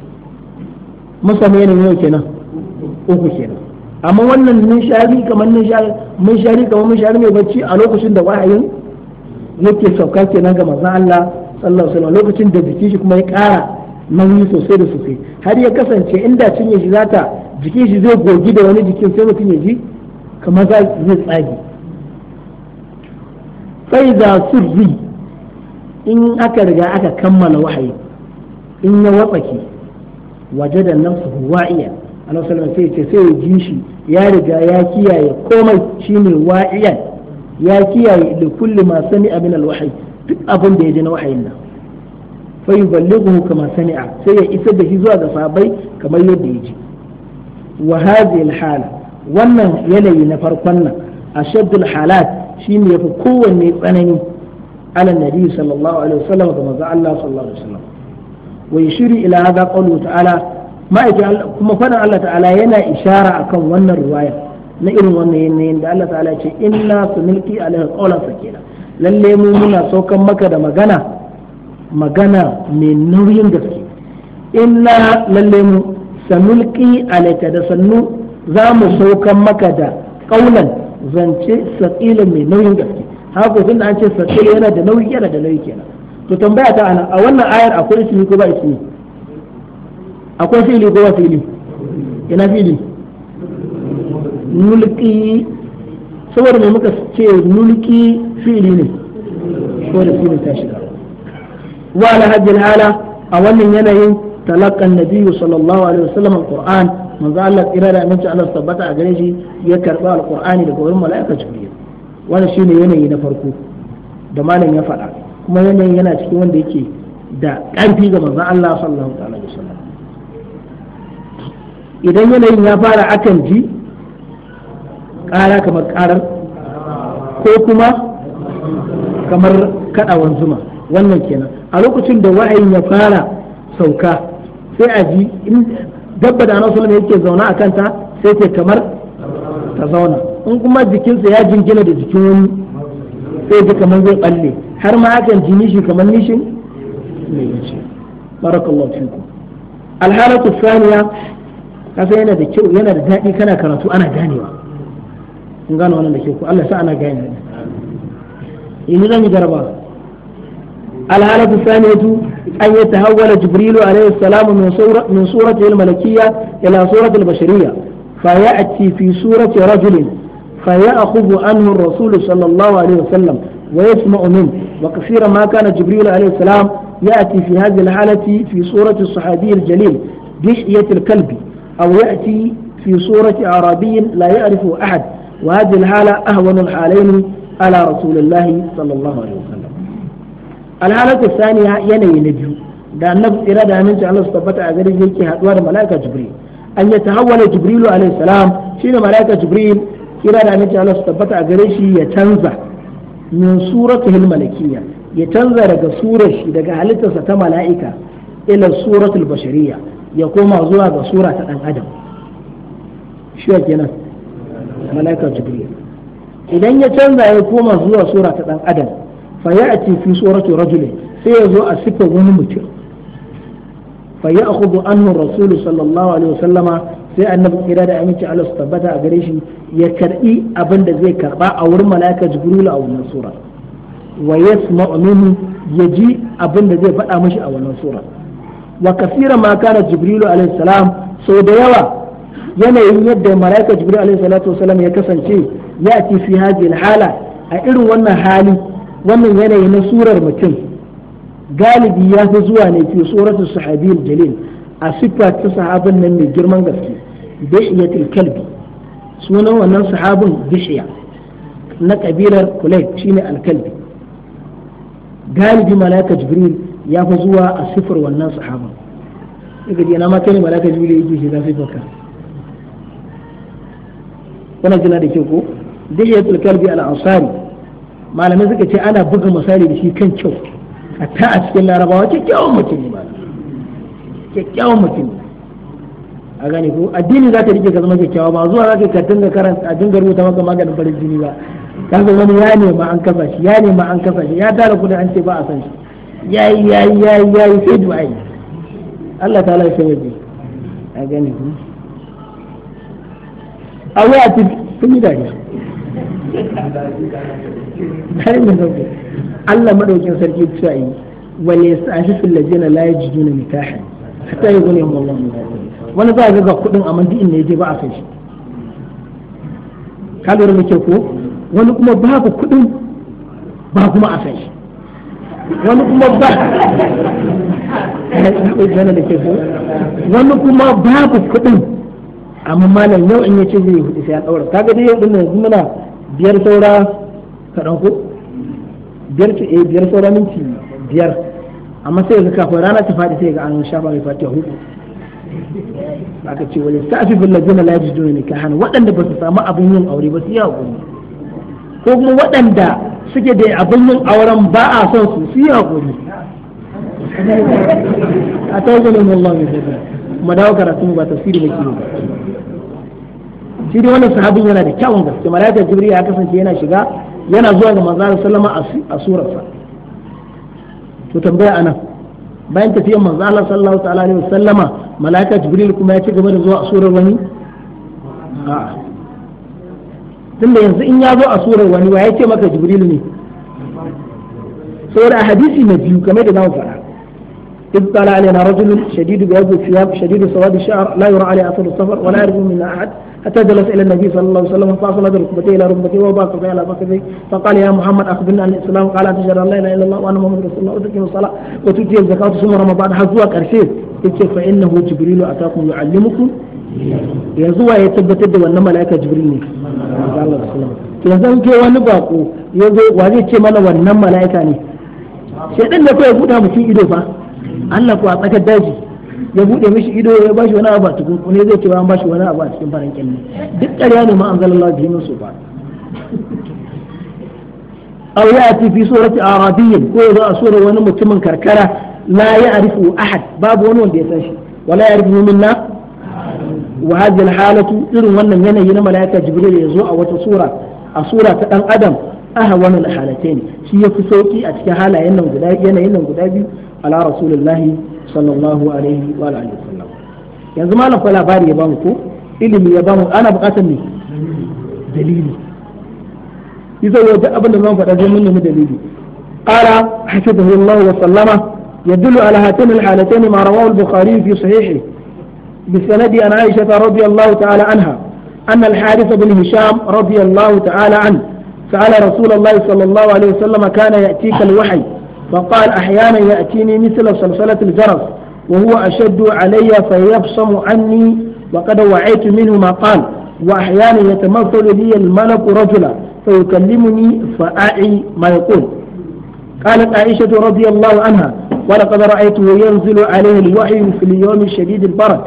masa masana yanayin yau kenan uku kenan amma wannan mun shari kamar shari kamar shari mai bacci a lokacin da wahayin yake sauka kenan ga manzon Allah sallallahu alaihi wasallam lokacin da jikin shi kuma ya ƙara nauyi sosai da sosai har ya kasance inda cinye shi zata jikin shi zai gogi da wani jikin sai mutum ya ji kamar za zai tsage sai da sirri in aka riga aka kammala wahayi in ya watsake waje da nafsu wa'iya annabi sallallahu ce sai ya ji shi ya riga ya kiyaye komai shine wa'iyan ya kiyaye da kulli ma sami'a min alwahyi duk abin da ya ji na wahayin nan fa yuballighu kama sami'a sai ya isa da shi zuwa ga sabai kamar yadda ya ji wa hadhihi alhala wannan yanayi na farkon nan ashaddul halat shine yafi kowanne tsanani Ala النبي صلى alaihi عليه وسلم كما قال الله صلى الله عليه وسلم ويشير إلى هذا kuma faɗin Allah ta'ala yana ishara akan wannan ruwaya na irin wannan yanayin da Allah ta'ala ce inna sunilki alaihi qawlan sakina lalle mu muna saukan maka da magana magana mai nauyin gaske inna lalle mu sanulki alaika da sannu za mu saukan maka da ƙaunan zance sakila mai nauyin gaske haka tun da an ce sakila yana da nauyi yana da nauyi kenan to tambaya ta ana a wannan ayar akwai ismi ko ba ismi akwai fili ko ba fi'ili ina fili mulki saboda mai muka ce mulki fili ne ko da ta shiga wa ala hala a wannan yanayin na biyu sallallahu alaihi wasallam alquran manzo Allah kira da aminci Allah tabbata a gare shi ya karba alqurani daga wurin mala'ika jibril wannan shine yanayi na farko da malam ya faɗa kuma yanayin yana cikin wanda yake da ƙarfi ga manzo Allah sallallahu alaihi wasallam idan yanayin ya fara akan ji ƙara kamar ƙarar ko kuma kamar kaɗawan zuma wannan kenan a lokacin da wahayin ya fara sauka sai a ji dabba da anasu ne yake zauna a kanta sai ke kamar ta zauna in kuma jikinsa ya jingina da jikin wani sai ji kamar zai balle har ma hakan ji nishi kamar nishin mai yace barakallahu fikum الحالة الثانية kasa yana da kyau yana da daɗi kana karatu ana ganewa kun gane wannan da kyau ko Allah sa ana gane yanzu zan yi garba alhala ta a yato an yi ta hawala jibrilu alaihi salamu min surat al-malakiyya ila surat al-bashiriyya fa ya aci fi surat rajulin fa ya akhubu anhu rasul sallallahu alaihi wasallam wa yasma'u min wa kasira ma jibrilu alaihi ya aci fi hadhihi al-halati fi sahabi jalil bishiyat al-kalbi أو يأتي في صورة أعرابي لا يعرفه أحد وهذه الحالة أهون الحالين على رسول الله صلى الله عليه وسلم الحالة الثانية يني نبي da annabi tsira da aminci Allah su tabbata a gare yake haduwa da malaika jibril an ya tahawwala jibril alayhi salam shine malaika jibril tsira da aminci Allah su tabbata a gare shi ya canza min suratul malakiyya ya canza daga surar daga halittarsa ta mala'ika ila suratul bashariyya ya koma zuwa ga sura ta ɗan adam shi kenan mala'ika jibril idan ya canza ya koma zuwa sura ta ɗan adam fa ya ati fi suratu rajulin sai ya zo a sifa wani mutum fa ya akhudhu anhu rasulu sallallahu alaihi wasallama sai annabi kira da aminci Allah su tabbata a gare shi ya karbi abin da zai karba a wurin mala'ika jibril a wannan sura wa yasma'u minhu yaji abin da zai faɗa mashi a wannan sura wa kasira ma kana jibrilu alaihi salam sau da yawa yanayin yadda malaika jibril alaihi salatu ya kasance ya ci fi hadhihi hala a irin wannan hali wannan yanayi na surar mutum galibi ya fi zuwa ne fi suratu sahabiyul jalil a siffa ta sahabin nan mai girman gaske bishiyatul kalbi sunan wannan sahabin bishiya na kabilar Kulai shine alkalbi galibi malaika jibril ya fi zuwa a sifar wannan sahaban daga jina ma kai ne malaka jibril yake yi baka wani jina da ke ko dai ya tulkar bi al malamai suka ce ana buga misali da shi kan kyau a ta a cikin larabawa kyakkyawan mutum ne kyakkyawan mutum ne a gane ko addini za ka rike ka zama kyakkyawa ba zuwa za ka ka dinga karanta a dinga rubuta maka maganin farin jini ba ka ga wani ya nema an kasa shi ya nema an kasa shi ya tara kudin an ce ba a san shi yayi yayi yayi yayi sai du'a'i Allah ta'ala ya a gani ku a waya Allah madaukin sarki cewa yi wani sa'afifin lajina la yajiduna nikahan hatta ya gune mu Allah wani za a ga kudin amma duk inda yaje ba a kai shi ka lura muke ko wani kuma babu kudin ba kuma a kai shi wani kuma ba wani kuma babu kuɗin amma malam yau in yace zai hudu sai ya daura kaga dai yau din yanzu muna biyar saura kaɗan ku biyar ce eh biyar saura minti biyar amma sai yanzu kafin rana ta faɗi sai ga an shafa mai a hudu aka ce wani safi billazina la ka hana waɗanda ba su samu abin yin aure ba su yi hakuri ko kuma waɗanda suke da abin yin auren ba a son su su yi hakuri a yin Allah mai zai ma dawo karatu ba ta siri yi kiwo Sidi wannan sahabin yana da kyawun gaske malaikar jibril ya kasance yana shiga yana zuwa ga manzo sallama a surarsa to tambaya anan bayan tafiyar manzo Allah sallallahu ta'ala alaihi wasallama malaikar jibril kuma ya ci gaba da zuwa a surar wani a'a tunda yanzu in ya zo a surar wani wa ya ce maka jibril ne saboda a hadisi na biyu kamar da zamu faɗa إذ قال علينا رجل شديد بياض الثياب شديد سواد الشعر لا يرى عليه أثر السفر ولا يعرف منا أحد حتى جلس إلى النبي صلى الله عليه وسلم فأصل بركبتيه إلى ركبتيه وباقي على فخذه فقال يا محمد أخبرنا عن الإسلام قال أشهد أن لا إله إلا الله وأنا محمد رسول الله وتقيم الصلاة وتؤتي الزكاة ثم رمضان حزوك أرشيد فإنه جبريل أتاكم يعلمكم yanzu wa ya tabbatar da wannan mala'ika jibril ne yanzu ke wani bako ya zo wa zai ce mana wannan mala'ika ne shaidan da kawai buɗa mutum ido fa Allah ko a tsakar daji ya buɗe mishi ido ya bashi wani abu a cikin kuma zai ce an bashi wani abu a cikin farin ne duk ƙarya ne ma an zalla Allah jinin su ba aw ya'ti fi surati arabiyyin ko ya zo a surar wani mutumin karkara la arifu ahad babu wani wanda ya san shi wala arifu minna wa hadhihi halatu irin wannan yanayi na malaika jibril ya zo a wata sura a sura ta dan adam ahwanul halatayn shi yafi sauki a cikin halayen nan guda yanayin nan guda biyu ala rasulullahi sallallahu alaihi wa alihi wasallam yanzu malam fa labari ya bamu ko ilimi ya bamu ana bukatar ne dalili izo ya duk abin da zan faɗa zai mun nemi dalili qala hafizahu Allah wa sallama يدل على هاتين الحالتين ما رواه البخاري في صحيحه بسند عن عائشة رضي الله تعالى عنها أن الحارث بن هشام رضي الله تعالى عنه سأل رسول الله صلى الله عليه وسلم كان يأتيك الوحي فقال أحيانا يأتيني مثل صلصلة الجرس وهو أشد علي فيبصم عني وقد وعيت منه ما قال وأحيانا يتمثل لي الملك رجلا فيكلمني فأعي ما يقول قالت عائشة رضي الله عنها ولقد رأيته ينزل عليه الوحي في اليوم الشديد البرد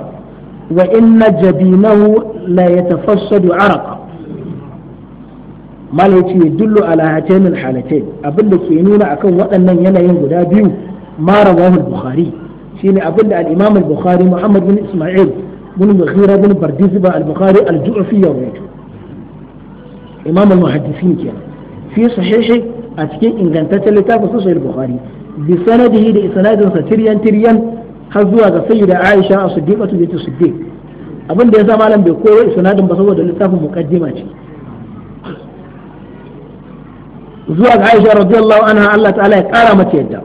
وإن جبينه لا يتفسد عرقا ما يدل على هاتين الحالتين أبن لك ينون أكون وأن ينين قدا بيو ما رواه البخاري شين أبن الإمام البخاري محمد بن إسماعيل بن مغيرة بن برديزبة البخاري الجعفي يرويته إمام المحدثين كان في صحيح أتكين إن كانت تلتاب صحيح البخاري بسنده لإسناد تريان تريان har zuwa ga sayyida Aisha as-Siddiqatu bint Siddiq abin da yasa malam bai koyo sanadin ba saboda littafin muqaddima ce zuwa ga Aisha radiyallahu anha Allah ta'ala ya kara mata yadda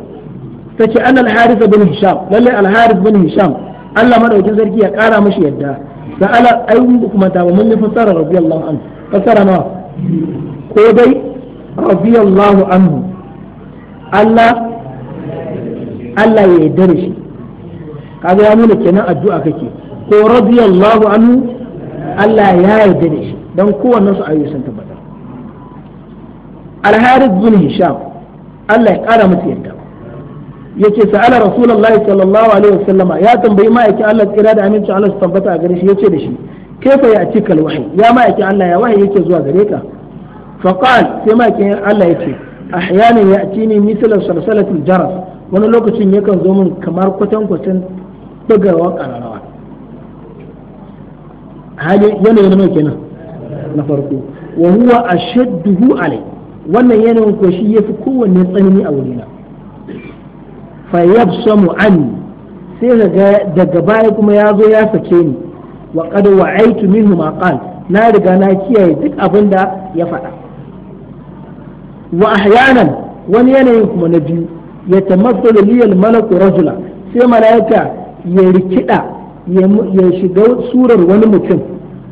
tace an al-Harith bin Hisham lalle al-Harith bin Hisham Allah madaukin sarki ya kara mashi yadda da ala ayyun kuma ta mun yi fasara radiyallahu anhu fasara ma ko dai radiyallahu anhu Allah Allah ya yarda da shi kaga ya nuna kenan addu'a kake ko radiyallahu anhu Allah ya yarda da shi dan kowannen su ayoyi sun tabbata al-harith bin hisham Allah ya kara masa yarda yace sa'ala rasulullahi sallallahu alaihi wasallama ya tambayi ma'aikin Allah tsira da aminci Allah su tabbata a gare shi yace da shi kefa ya atika al-wahyi ya ma'aikin Allah ya wahayi yake zuwa gare ka fa qala sai ma'aikin Allah yace ahyanan ya'tini mithla salsalatil jaras wani lokacin yakan zo min kamar kwatankwacin bugawa kararrawa hali mai kenan na farko wa huwa ashadduhu alai wannan yanayin ko shi fi kowanne tsanani a wurina fa yabsamu an sai daga daga baya kuma ya zo ya sake ni wa qad wa'aitu minhu ma qal na riga na kiyaye duk abinda ya faɗa wa ahyanan wani yanayin kuma na biyu ya tamassalu liyal malaku rajula sai malaika ya rikida ya shiga surar wani mutum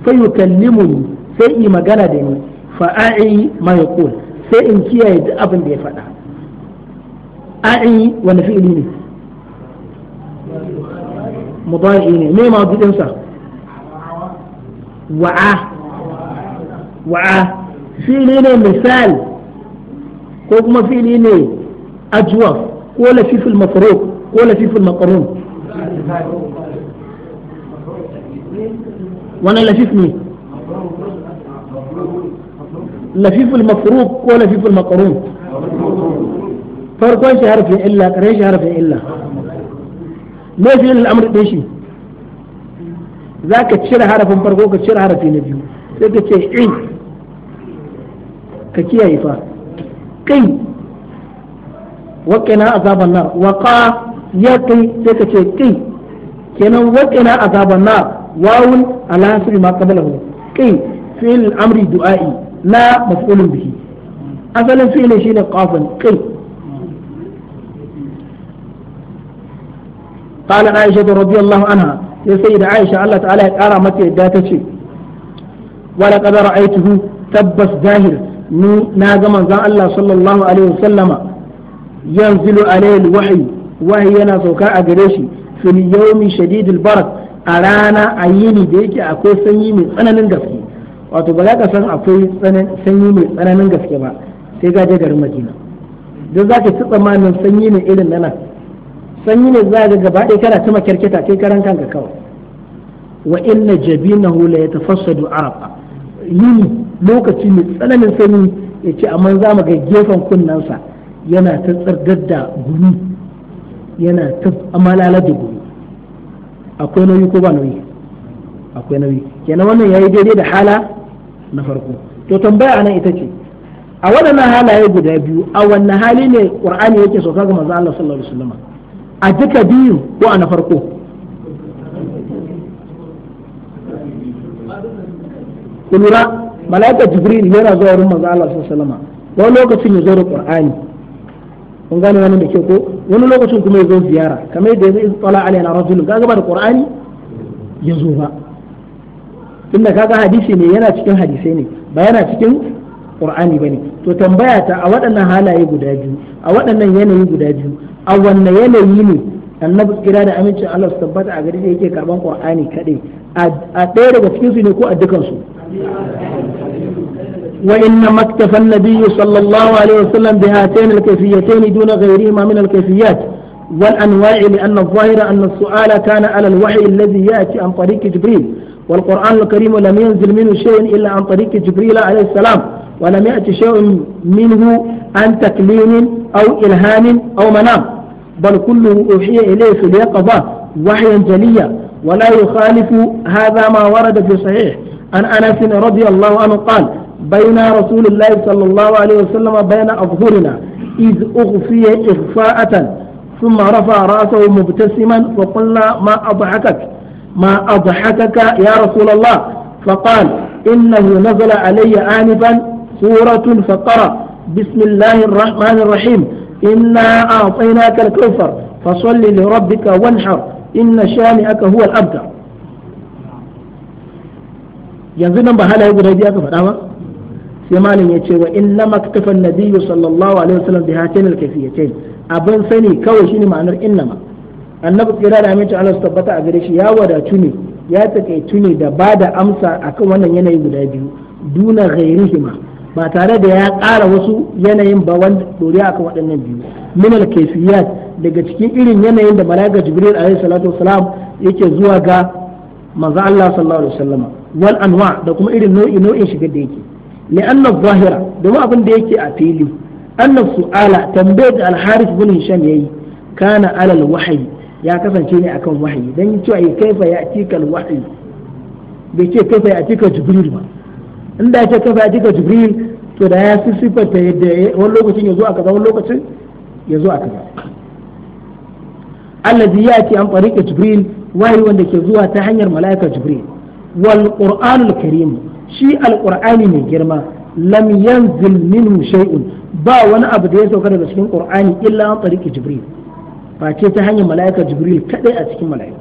fa yukallimuni sai yi magana da ni fa mai ma sai in kiyaye duk abin da ya faɗa a'i wani fi'ili ne mudari ne me ma dudin sa wa'a wa'a fi'ili ne misal ko kuma fi'ili ne ajwaf ko lafiful mafruq ko lafiful maqrun wannan lafif ne lafiful mafruq ko lafiful maqrun farkon shi harfin illa ƙarshen shi harfin illa me fi'il al'amr din shi za ka cire harafin farko ka cire harafi na biyu sai ka ce in ka kiyaye fa kai wa qina azaban nar wa qa ya kai sai ka ce kai kenan waƙina azaban na wawun alhasri ma qablahu kai fi'il amri du'a'i na maf'ulun bihi asalin fi'ilin shine qafun kai قال عائشة رضي الله عنها يا سيدة عائشة الله تعالى قال متى داتشي ولقد رأيته تبس ظاهر ناغم زان الله صلى الله عليه وسلم ينزل عليه الوحي wahayi yana sauka a gare shi fil yawmi shadidul barq a rana a yini da yake akwai sanyi mai tsananin gaske wato ba za ka san akwai sanyi mai tsananin gaske ba sai ga je garin madina don za ka ci tsammanin sanyi ne irin nan sanyi ne za ga gaba ɗaya kana tuma kyarketa kai karan kanka kawai wa inna jabinahu la yatafassadu arqa yini lokaci mai tsananin sanyi yace amma za mu ga gefen kunnansa yana ta tsardar da gumi yana ta amalala da gobe akwai nauyi ko ba nauyi akwai nauyi kenan wannan yayi daidai da hala na farko to tambaya anan ita ce a waɗannan halaye guda biyu a wannan hali ne qur'ani yake sauka ga manzo Allah sallallahu alaihi wasallam a duka biyu ko a na farko kulura mala'ika jibril yana zuwa wurin manzo Allah sallallahu alaihi wasallam wani lokacin ya zo da qur'ani kun gane wani da ke ko wani lokacin kuma ya zo ziyara kamar yadda zai izu tsala alaina rasulu kaga gaba da qur'ani ya zo ba tunda kaga hadisi ne yana cikin hadisai ne ba yana cikin qur'ani bane to tambaya ta a waɗannan halaye guda biyu a waɗannan yanayi guda biyu a wanne yanayi ne annabi kira da amincin Allah su tabbata a gari da yake karban qur'ani kaɗai a ɗaya daga cikin su ne ko a dukan su وإنما اكتفى النبي صلى الله عليه وسلم بهاتين الكيفيتين دون غيرهما من الكيفيات والأنواع لأن الظاهر أن السؤال كان على الوحي الذي يأتي عن طريق جبريل والقرآن الكريم لم ينزل منه شيء إلا عن طريق جبريل عليه السلام ولم يأتي شيء منه عن تكليم أو إلهام أو منام بل كله أوحي إليه في اليقظة وحيا جليا ولا يخالف هذا ما ورد في صحيح عن أنس رضي الله عنه قال بين رسول الله صلى الله عليه وسلم بين أظهرنا إذ أغفي إغفاءة ثم رفع رأسه مبتسما وقلنا ما أضحكك ما أضحكك يا رسول الله فقال إنه نزل علي آنفا سورة فقرأ بسم الله الرحمن الرحيم إنا أعطيناك الكوثر فصل لربك وانحر إن شانئك هو الأبتر yanzu nan ba halaye guda biyu aka faɗa ba sai malam ya ce wa inna maktafan nabiyyu sallallahu alaihi wasallam bi hatin alkafiyatain abin sani kawai shine ma'anar innama annabi tsira da aminci Allah su tabbata a gare shi ya wadatu ne ya take ne da ba da amsa akan wannan yanayin guda biyu duna ghairihima ba tare da ya kara wasu yanayin ba wanda dore akan waɗannan biyu min alkafiyat daga cikin irin yanayin da malaika jibril alaihi salatu wasalam yake zuwa ga manzo Allah sallallahu alaihi wasallam wal anwa da kuma irin nau'i nau'in shiga da yake لأن الظاهرة دوما أبن ديك أفيلي أن السؤال تنبيد الحارث بن هشام يي كان على الوحي يا كفن شيني أكون وحي دين شوي كيف يأتيك الوحي بيتي كيف يأتيك جبريل ما إن دا كيف يأتيك جبريل to da ya siffar ta yadda lokacin ya zo a kaza wani lokacin ya zo a kaza allazi ya ce an farika jibril wahayi wanda ke zuwa ta hanyar mala'ika jibril wal qur'anul karim shi alqur'ani mai girma lam yanzil minhu shay'un ba wani abu da ya sauka daga cikin qur'ani illa an tariki jibril ba ce ta hanyar mala'ika jibril kadai a cikin mala'ika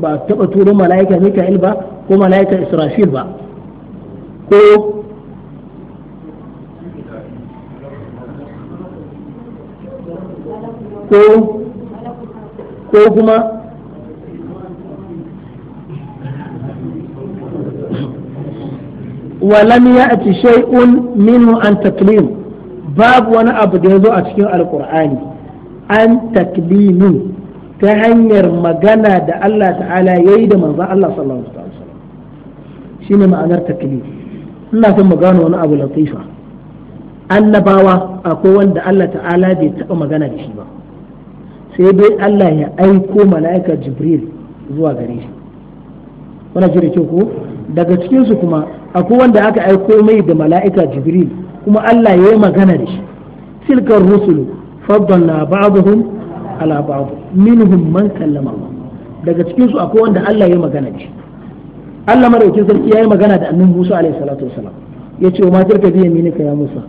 ba taba turo mala'ika mika'il ba ko mala'ika israfil ba ko ko ko kuma ولم يأتي شيء منه babu wani abu da ya zo a cikin تكليم تهنير مجانا دا الله تعالى ييد من ذا الله صلى الله عليه وسلم شنو معنى تكليم ina son magana wani abu latifa annabawa akwai wanda Allah ta'ala bai taɓa magana da shi ba sai dai Allah ya aiko mala'ika jibril zuwa gare shi wannan shi da ko daga cikinsu kuma akwai wanda aka aiko mai da mala'ika jibril kuma Allah ya yi magana da shi tilkar rusulu faddalna ba'dhum ala ba'd minhum man kallama daga cikinsu su akwai wanda Allah ya yi magana da shi Allah madaukin sarki ya yi magana da annabi Musa alaihi salatu wasalam yace wa ma tilka bi yaminika ya Musa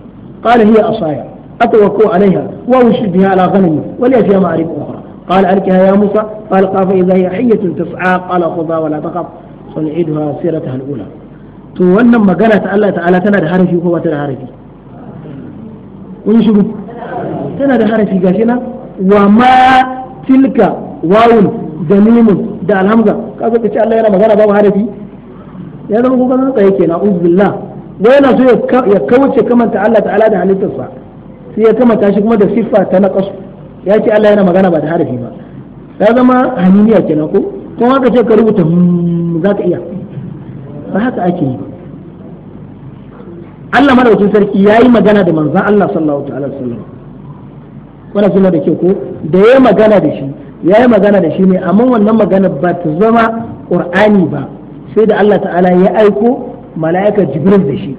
qala hiya asaya atawakkau alaiha wa ushid biha ala ghanami wa li fiha ma'arib ukhra قال ألقها يا موسى قال قاف إذا هي حية تسعى قال خذها ولا تخف سنعيدها سيرتها الأولى to wannan magana ta Allah ta'ala tana da harafi ko ba ta da harafi kun shiru tana da harafi shi na wa ma tilka wawun da mimun da alhamza kaga ka ce Allah yana magana babu harafi ya zama ko kana tsaye kenan uzbillah wai yana so ya kauce ta Allah ta'ala da halittarsa sai ya kamata shi kuma da siffa ta naqasu ya ce Allah yana magana ba da harafi ba ya zama haniniya kenan ko kuma ka ce ka rubuta hmm, za ka iya ba haka ake yi Allah madaukin sarki ya yi magana da manzan Allah sallallahu ta'ala sallam Wani suna da ke ko da ya magana da shi ya yi magana da shi ne amma wannan magana ba ta zama ƙur'ani ba sai da Allah ta'ala ya aiko mala'ika jibril da shi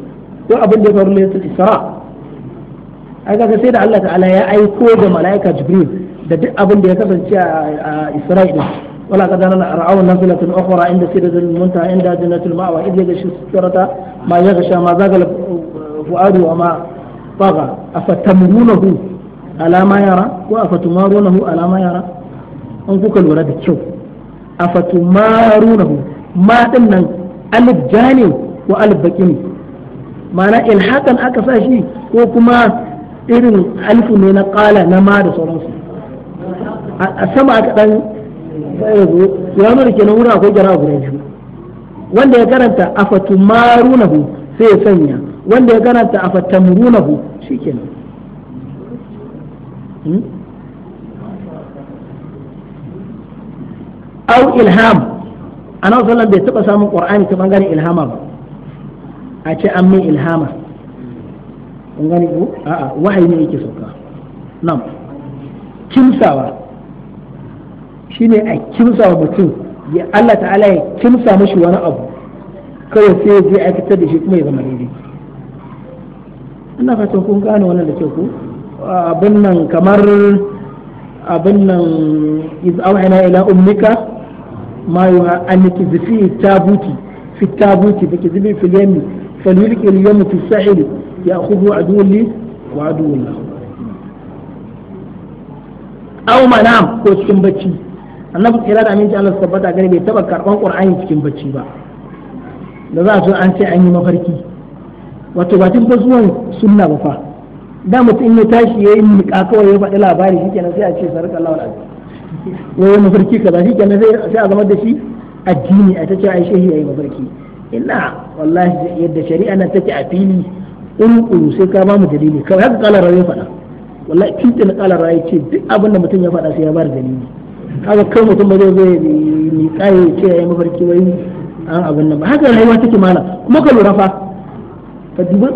ko abin da ya faru lailatul isra ai ga sai da Allah ta'ala ya aiko da mala'ika jibril da duk abin da ya kasance a isra'ila ولقد رأوا نافلة أخرى عند سيرة المنتهى عند جنة المأوى إذ يغشى السكرة ما يغشى ما ذاق الفؤاد وما طغى أفتمرونه على ما يرى وأفتمارونه على ما يرى أن كوكا الولد تشوف أفتمارونه ما دمنا ألف جاني وألف بكيني ma'ana ilhakan aka sa shi ko kuma irin alifu ne na kala na ma da sauransu a sama aka dan sai ya zo ya nuna kenan wurin akwai kira guda biyu wanda ya karanta afatumarunahu sai ya sanya wanda ya karanta afatamurunahu shikenan hmm? au ilham ana sallan bai taba samun qur'ani ta bangaren ilhama ba a ce an min ilhama kun gani ko a'a wahayi ne yake sauka nan kimsawa shine a kimsa wa mutum ya Allah ta'ala ya kimsa mashi wani abu kawai sai ya je aikatar da shi kuma ya zama daidai ina fatan kun gane wannan da kyau ku abin nan kamar abin nan iz auhina ila ummika ma yuha annaki zifi tabuti fi tabuti fi kizibi fi yami falyulki al-yawma fi sahili ya'khudhu aduwwan li wa aduwwan lahu aw manam ko cikin bacci annabi kira da aminci Allah tabbata gare bai taba karban qur'ani cikin bacci ba da za a su an ce an yi mafarki wato ba tun zuwan sunna ba fa da mutum in ya tashi ya yi miƙa kawai ya faɗi labari shikenan sai a ce sarƙa Allah wala wai mafarki ka ba shikenan sai a zama da shi addini a ta ce ai shehi yi mafarki illa wallahi yadda shari'a nan take a fili ƙuruƙuru sai ka ba mu dalili kawai haka kala rawaye faɗa wallahi tintin kala rawaye ce duk abin da mutum ya faɗa sai ya bar dalili kaga kai mutum ba zai zai mi tsaye ce yi mafarki wai an abin nan ba haka rayuwa take mala kuma ka lura fa ka dubi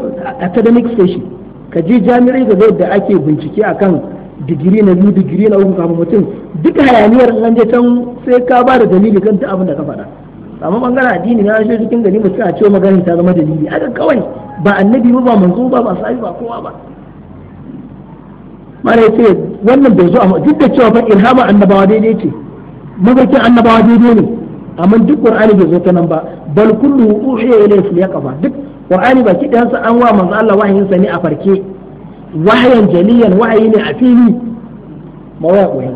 academic station ka je jami'ai ga da ake bincike akan digiri na biyu digiri na uku kafin mutum duka hayaniyar nan je can sai ka ba da dalili kan ta abin da ka faɗa amma bangaren addini na shi cikin gari mutum a ce maganin ta zama dalili haka kawai ba annabi ba ba manzo ba ba sahibi ba kowa ba mara ce wannan bai zo a duk da cewa fa irhama annabawa daidai ce mafarkin annabawa daidai ne amma duk qur'ani bai zo ta nan ba bal kullu uhiya ilayhi fil yaqfa duk qur'ani baki dan sa an wa manzo Allah wahayin sa ne a farke wahayin jaliyan wahayi ne a fili ma waya koyi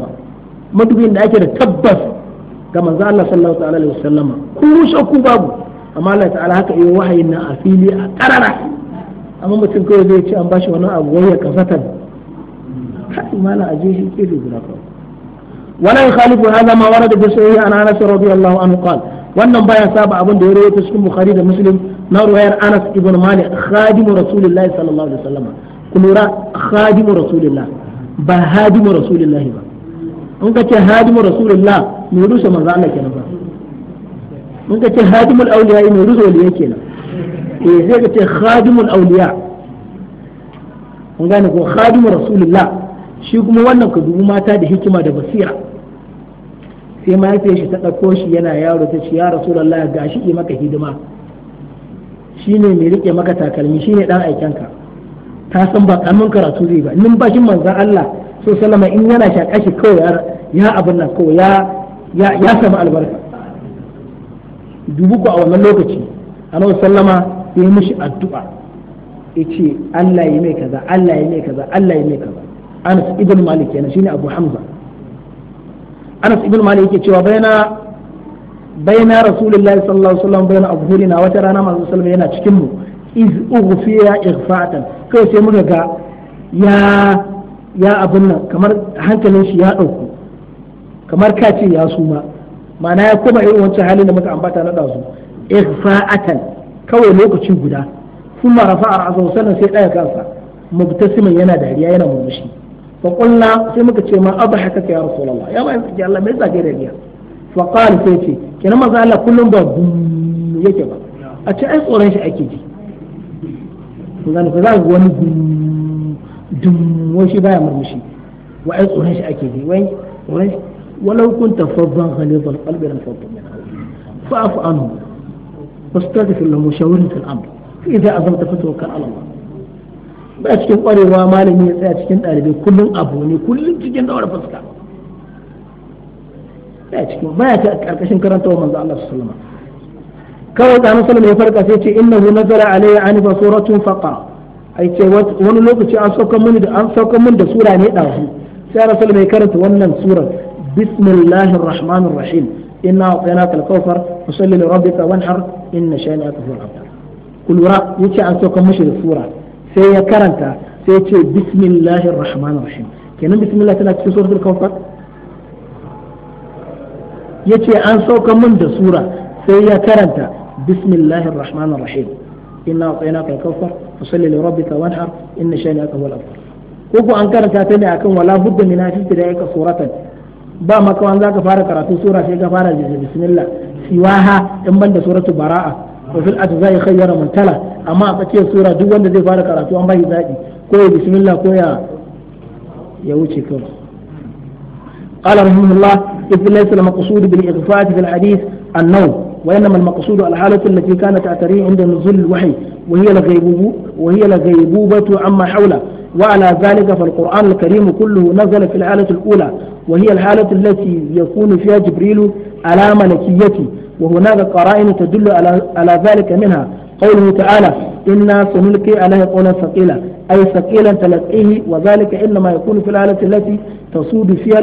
madubin da ake da tabbas ga manzo Allah sallallahu alaihi wasallama ku shakku babu amma Allah ta'ala haka yi wahayin nan a fili a karara amma mutum kawai zai ce an bashi wani abu wai ya haɗin mala a je shi ido guda kawai wala yukhalifu hadha ma warada bi sahih an anas radiyallahu anhu qala wannan baya saba abin da ya rawaito cikin bukhari da muslim na ruwayar anas ibn malik khadimu rasulillahi sallallahu alaihi wasallam kulura khadimu rasulillah ba hadimu rasulillah ba in ka ce hadimu rasulillah mai rusa manzo Allah kenan ba in ka ce hadimul auliya mai rusa waliyai kenan eh sai ka ce khadimul auliya kun gane ko khadimu rasulillah shi kuma wannan ka dubi mata da hikima da basira sai mahaifiyar shi ta ɗauko shi yana yaro ta ci. ya rasu rasulallah ga shi yi maka hidima shi ne mai rike maka takalmi shi ne ɗan ka ta san ba ƙaramin karatu zai ba bakin manzan Allah so salama in yana shaƙa shi kawai ya abin nan kawai ya samu albarka dubu ku a wannan lokaci annabi sallama ya yi mishi addu'a ya Allah ya mai kaza Allah ya mai kaza Allah ya mai kaza Anas ibn Malik kenan shine Abu Hamza Anas ibn Malik yake cewa baina bayana Rasulullahi sallallahu alaihi wasallam bayana abhurina wata rana manzo sallallahu yana cikin mu iz ughfiya ighfatan kai sai muka ga ya abin nan kamar hankalin shi ya dauku kamar ka ya suma ma'ana ya koma irin wancan halin da muka ambata na dazu ighfa'atan kawai lokaci guda kuma rafa'a a sallallahu sai daya kansa mubtasimin yana dariya yana murmushi fa qulna sai muka ce ma abahaka ya rasulullah ya mai ya Allah mai da riya fa qala sai ce kenan manzo kullum ba yake ba a ce ai tsoron shi ake ji kun gane ko za ga wani dum wai shi murmushi tsoron shi ake ولو كنت فظا غليظ القلب لانفضوا من حولك فاعف عنهم واستغفر لهم وشاورهم في الامر فاذا على الله ba cikin kwarewa malami ya tsaya cikin ɗalibai kullum abu ne kullum cikin daura fuska ba cikin baya ta karkashin karanta wa manzo Allah sallallahu alaihi kawai da Annabi ya farka sai ce innahu nazara alayya anifa suratun faqa ai ce wani lokaci an sauka mini da an sauka mini da sura ne dazu sai Rasul mai karanta wannan surar bismillahir rahmanir rahim inna a'tainaka al-kawthar li rabbika wanhar inna shani'aka huwal abtar kulura yace an sauka mishi da sura sai ya karanta sai ya ce bismillahir rahmanir rahim kenan bismillah tana cikin suratul kawthar yace an sauka min da sura sai ya karanta bismillahir rahmanir rahim inna a'tainaka kai kawthar fasalli li rabbika wanhar inna shani'aka huwal abtar ko ko an karanta ta ne akan wala budda min hafi da yaka suratan ba maka wanda zaka fara karatu sura sai ka fara da bismillah siwaha in banda suratul bara'a wa fil ajza'i khayyara man tala amma a tsakiyar sura duk wanda zai fara karatu an bai zaɓi ko ya bismillah ko ya ya wuce kawai قال رحمه الله إذ ليس المقصود بالإغفاء في الحديث النوم وإنما المقصود الحالة التي كانت تعتريه عند نزول الوحي وهي الغيبوبة وهي الغيبوبة عما حوله وعلى ذلك فالقرآن الكريم كله نزل في الحالة الأولى وهي الحالة التي يكون فيها جبريل على ملكيته وهناك قرائن تدل على, على ذلك منها قوله تعالى إنا سنلقي عليه قولا ثقيلا أي ثقيلا تلقيه وذلك إنما يكون في الحالة التي تصود فيها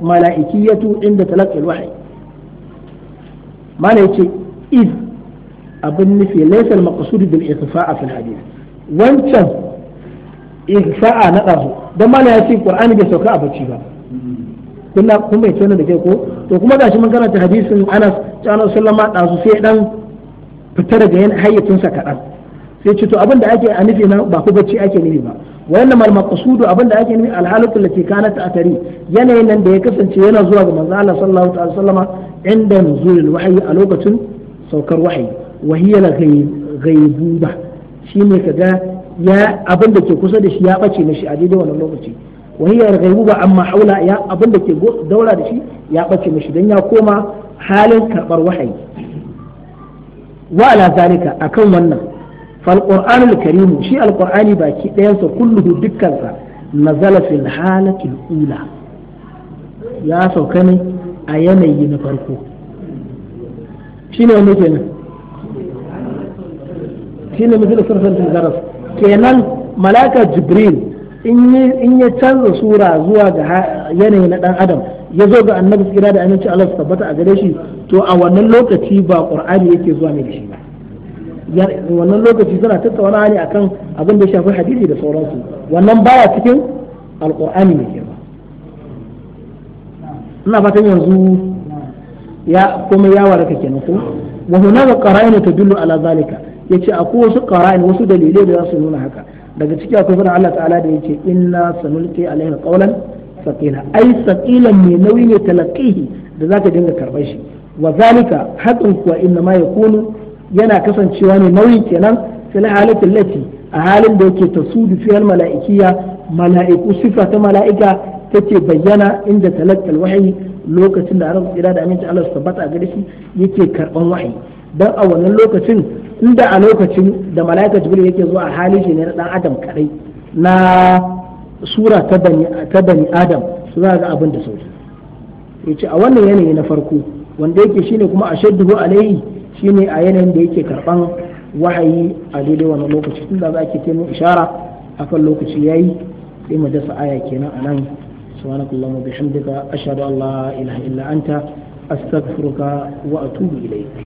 الملائكية عند تلقي الوحي ما إذ أبن في ليس المقصود بالإخفاء في الحديث وانتهى sa'a na ɗazu don mala ya ce qur'ani bai sauka a bacci ba kuma kun bai tona da kai ko to kuma gashi mun karanta hadisin Anas ta Anas sallama ɗazu sai dan fita daga yan hayyacinsa kaɗan sai ce to ake a nufi na ba ku bacci ake nufi ba wannan mal maqsudu abin da ake nufi alhalatu lati kanat atari yanayin nan da ya kasance yana zuwa ga manzo Allah sallallahu alaihi wasallama inda nuzulul wahyi a lokacin saukar wahyi wahiyal la ba shine kaga ya abin da ke kusa da shi ya bace mishi a daidai wannan lokaci wani hiya ghaibu ba amma haula ya abin da ke daura da shi ya bace mishi dan ya koma halin karbar wahayi wa ala zalika akan wannan fal qur'anul karim shi alqur'ani baki ɗayansa kulluhu dukkansa nazala fil halatil ula ya sauka ne a yanayi na farko shine wanda kenan shine mutum da sarfanta kenan malaka jibril in ya canza sura zuwa ga yanayi na dan adam ya zo ga annabi tsira da aminci Allah su tabbata a gare shi to a wannan lokaci ba qur'ani yake zuwa mai shi ba wannan lokaci suna tattauna ne akan abin da shafi hadisi da sauransu wannan baya cikin alqur'ani ne ke ba ina fatan yanzu ya kuma da ka kenan ko wa hunaka qara'ina tadullu ala zalika ya ce akwai wasu ƙara'in wasu dalilai da za su nuna haka daga ciki akwai fadin Allah ta'ala da ya ce inna sanulki alaihi qawlan saqila ai saqilan mai nauyi ne talaqihi da zaka dinga karɓar shi wa zalika hakan kuwa inna ma yakunu yana kasancewa ne nauyin kenan fil halatil a halin da yake tasudu fil mala'ikiya mala'iku sifa ta mala'ika take bayyana inda talaqqal wahyi lokacin da arab tsira da aminci Allah su tabbata a gare yake karban wahayi dan a wannan lokacin inda a lokacin da mala'ika jibril yake zuwa a hali shi ne na dan adam kadai na sura ta bani adam su za ga abin da sauki yace a wannan yanayi na farko wanda yake shine kuma ashaddu alaihi shine a yanayin da yake karban wahayi a daidai wannan lokaci tunda za ke taimaka ishara a kan lokaci ya yi sai mu dasa aya kenan anan subhanakallahumma bihamdika ashhadu an la ilaha illa anta astaghfiruka wa atubu ilayk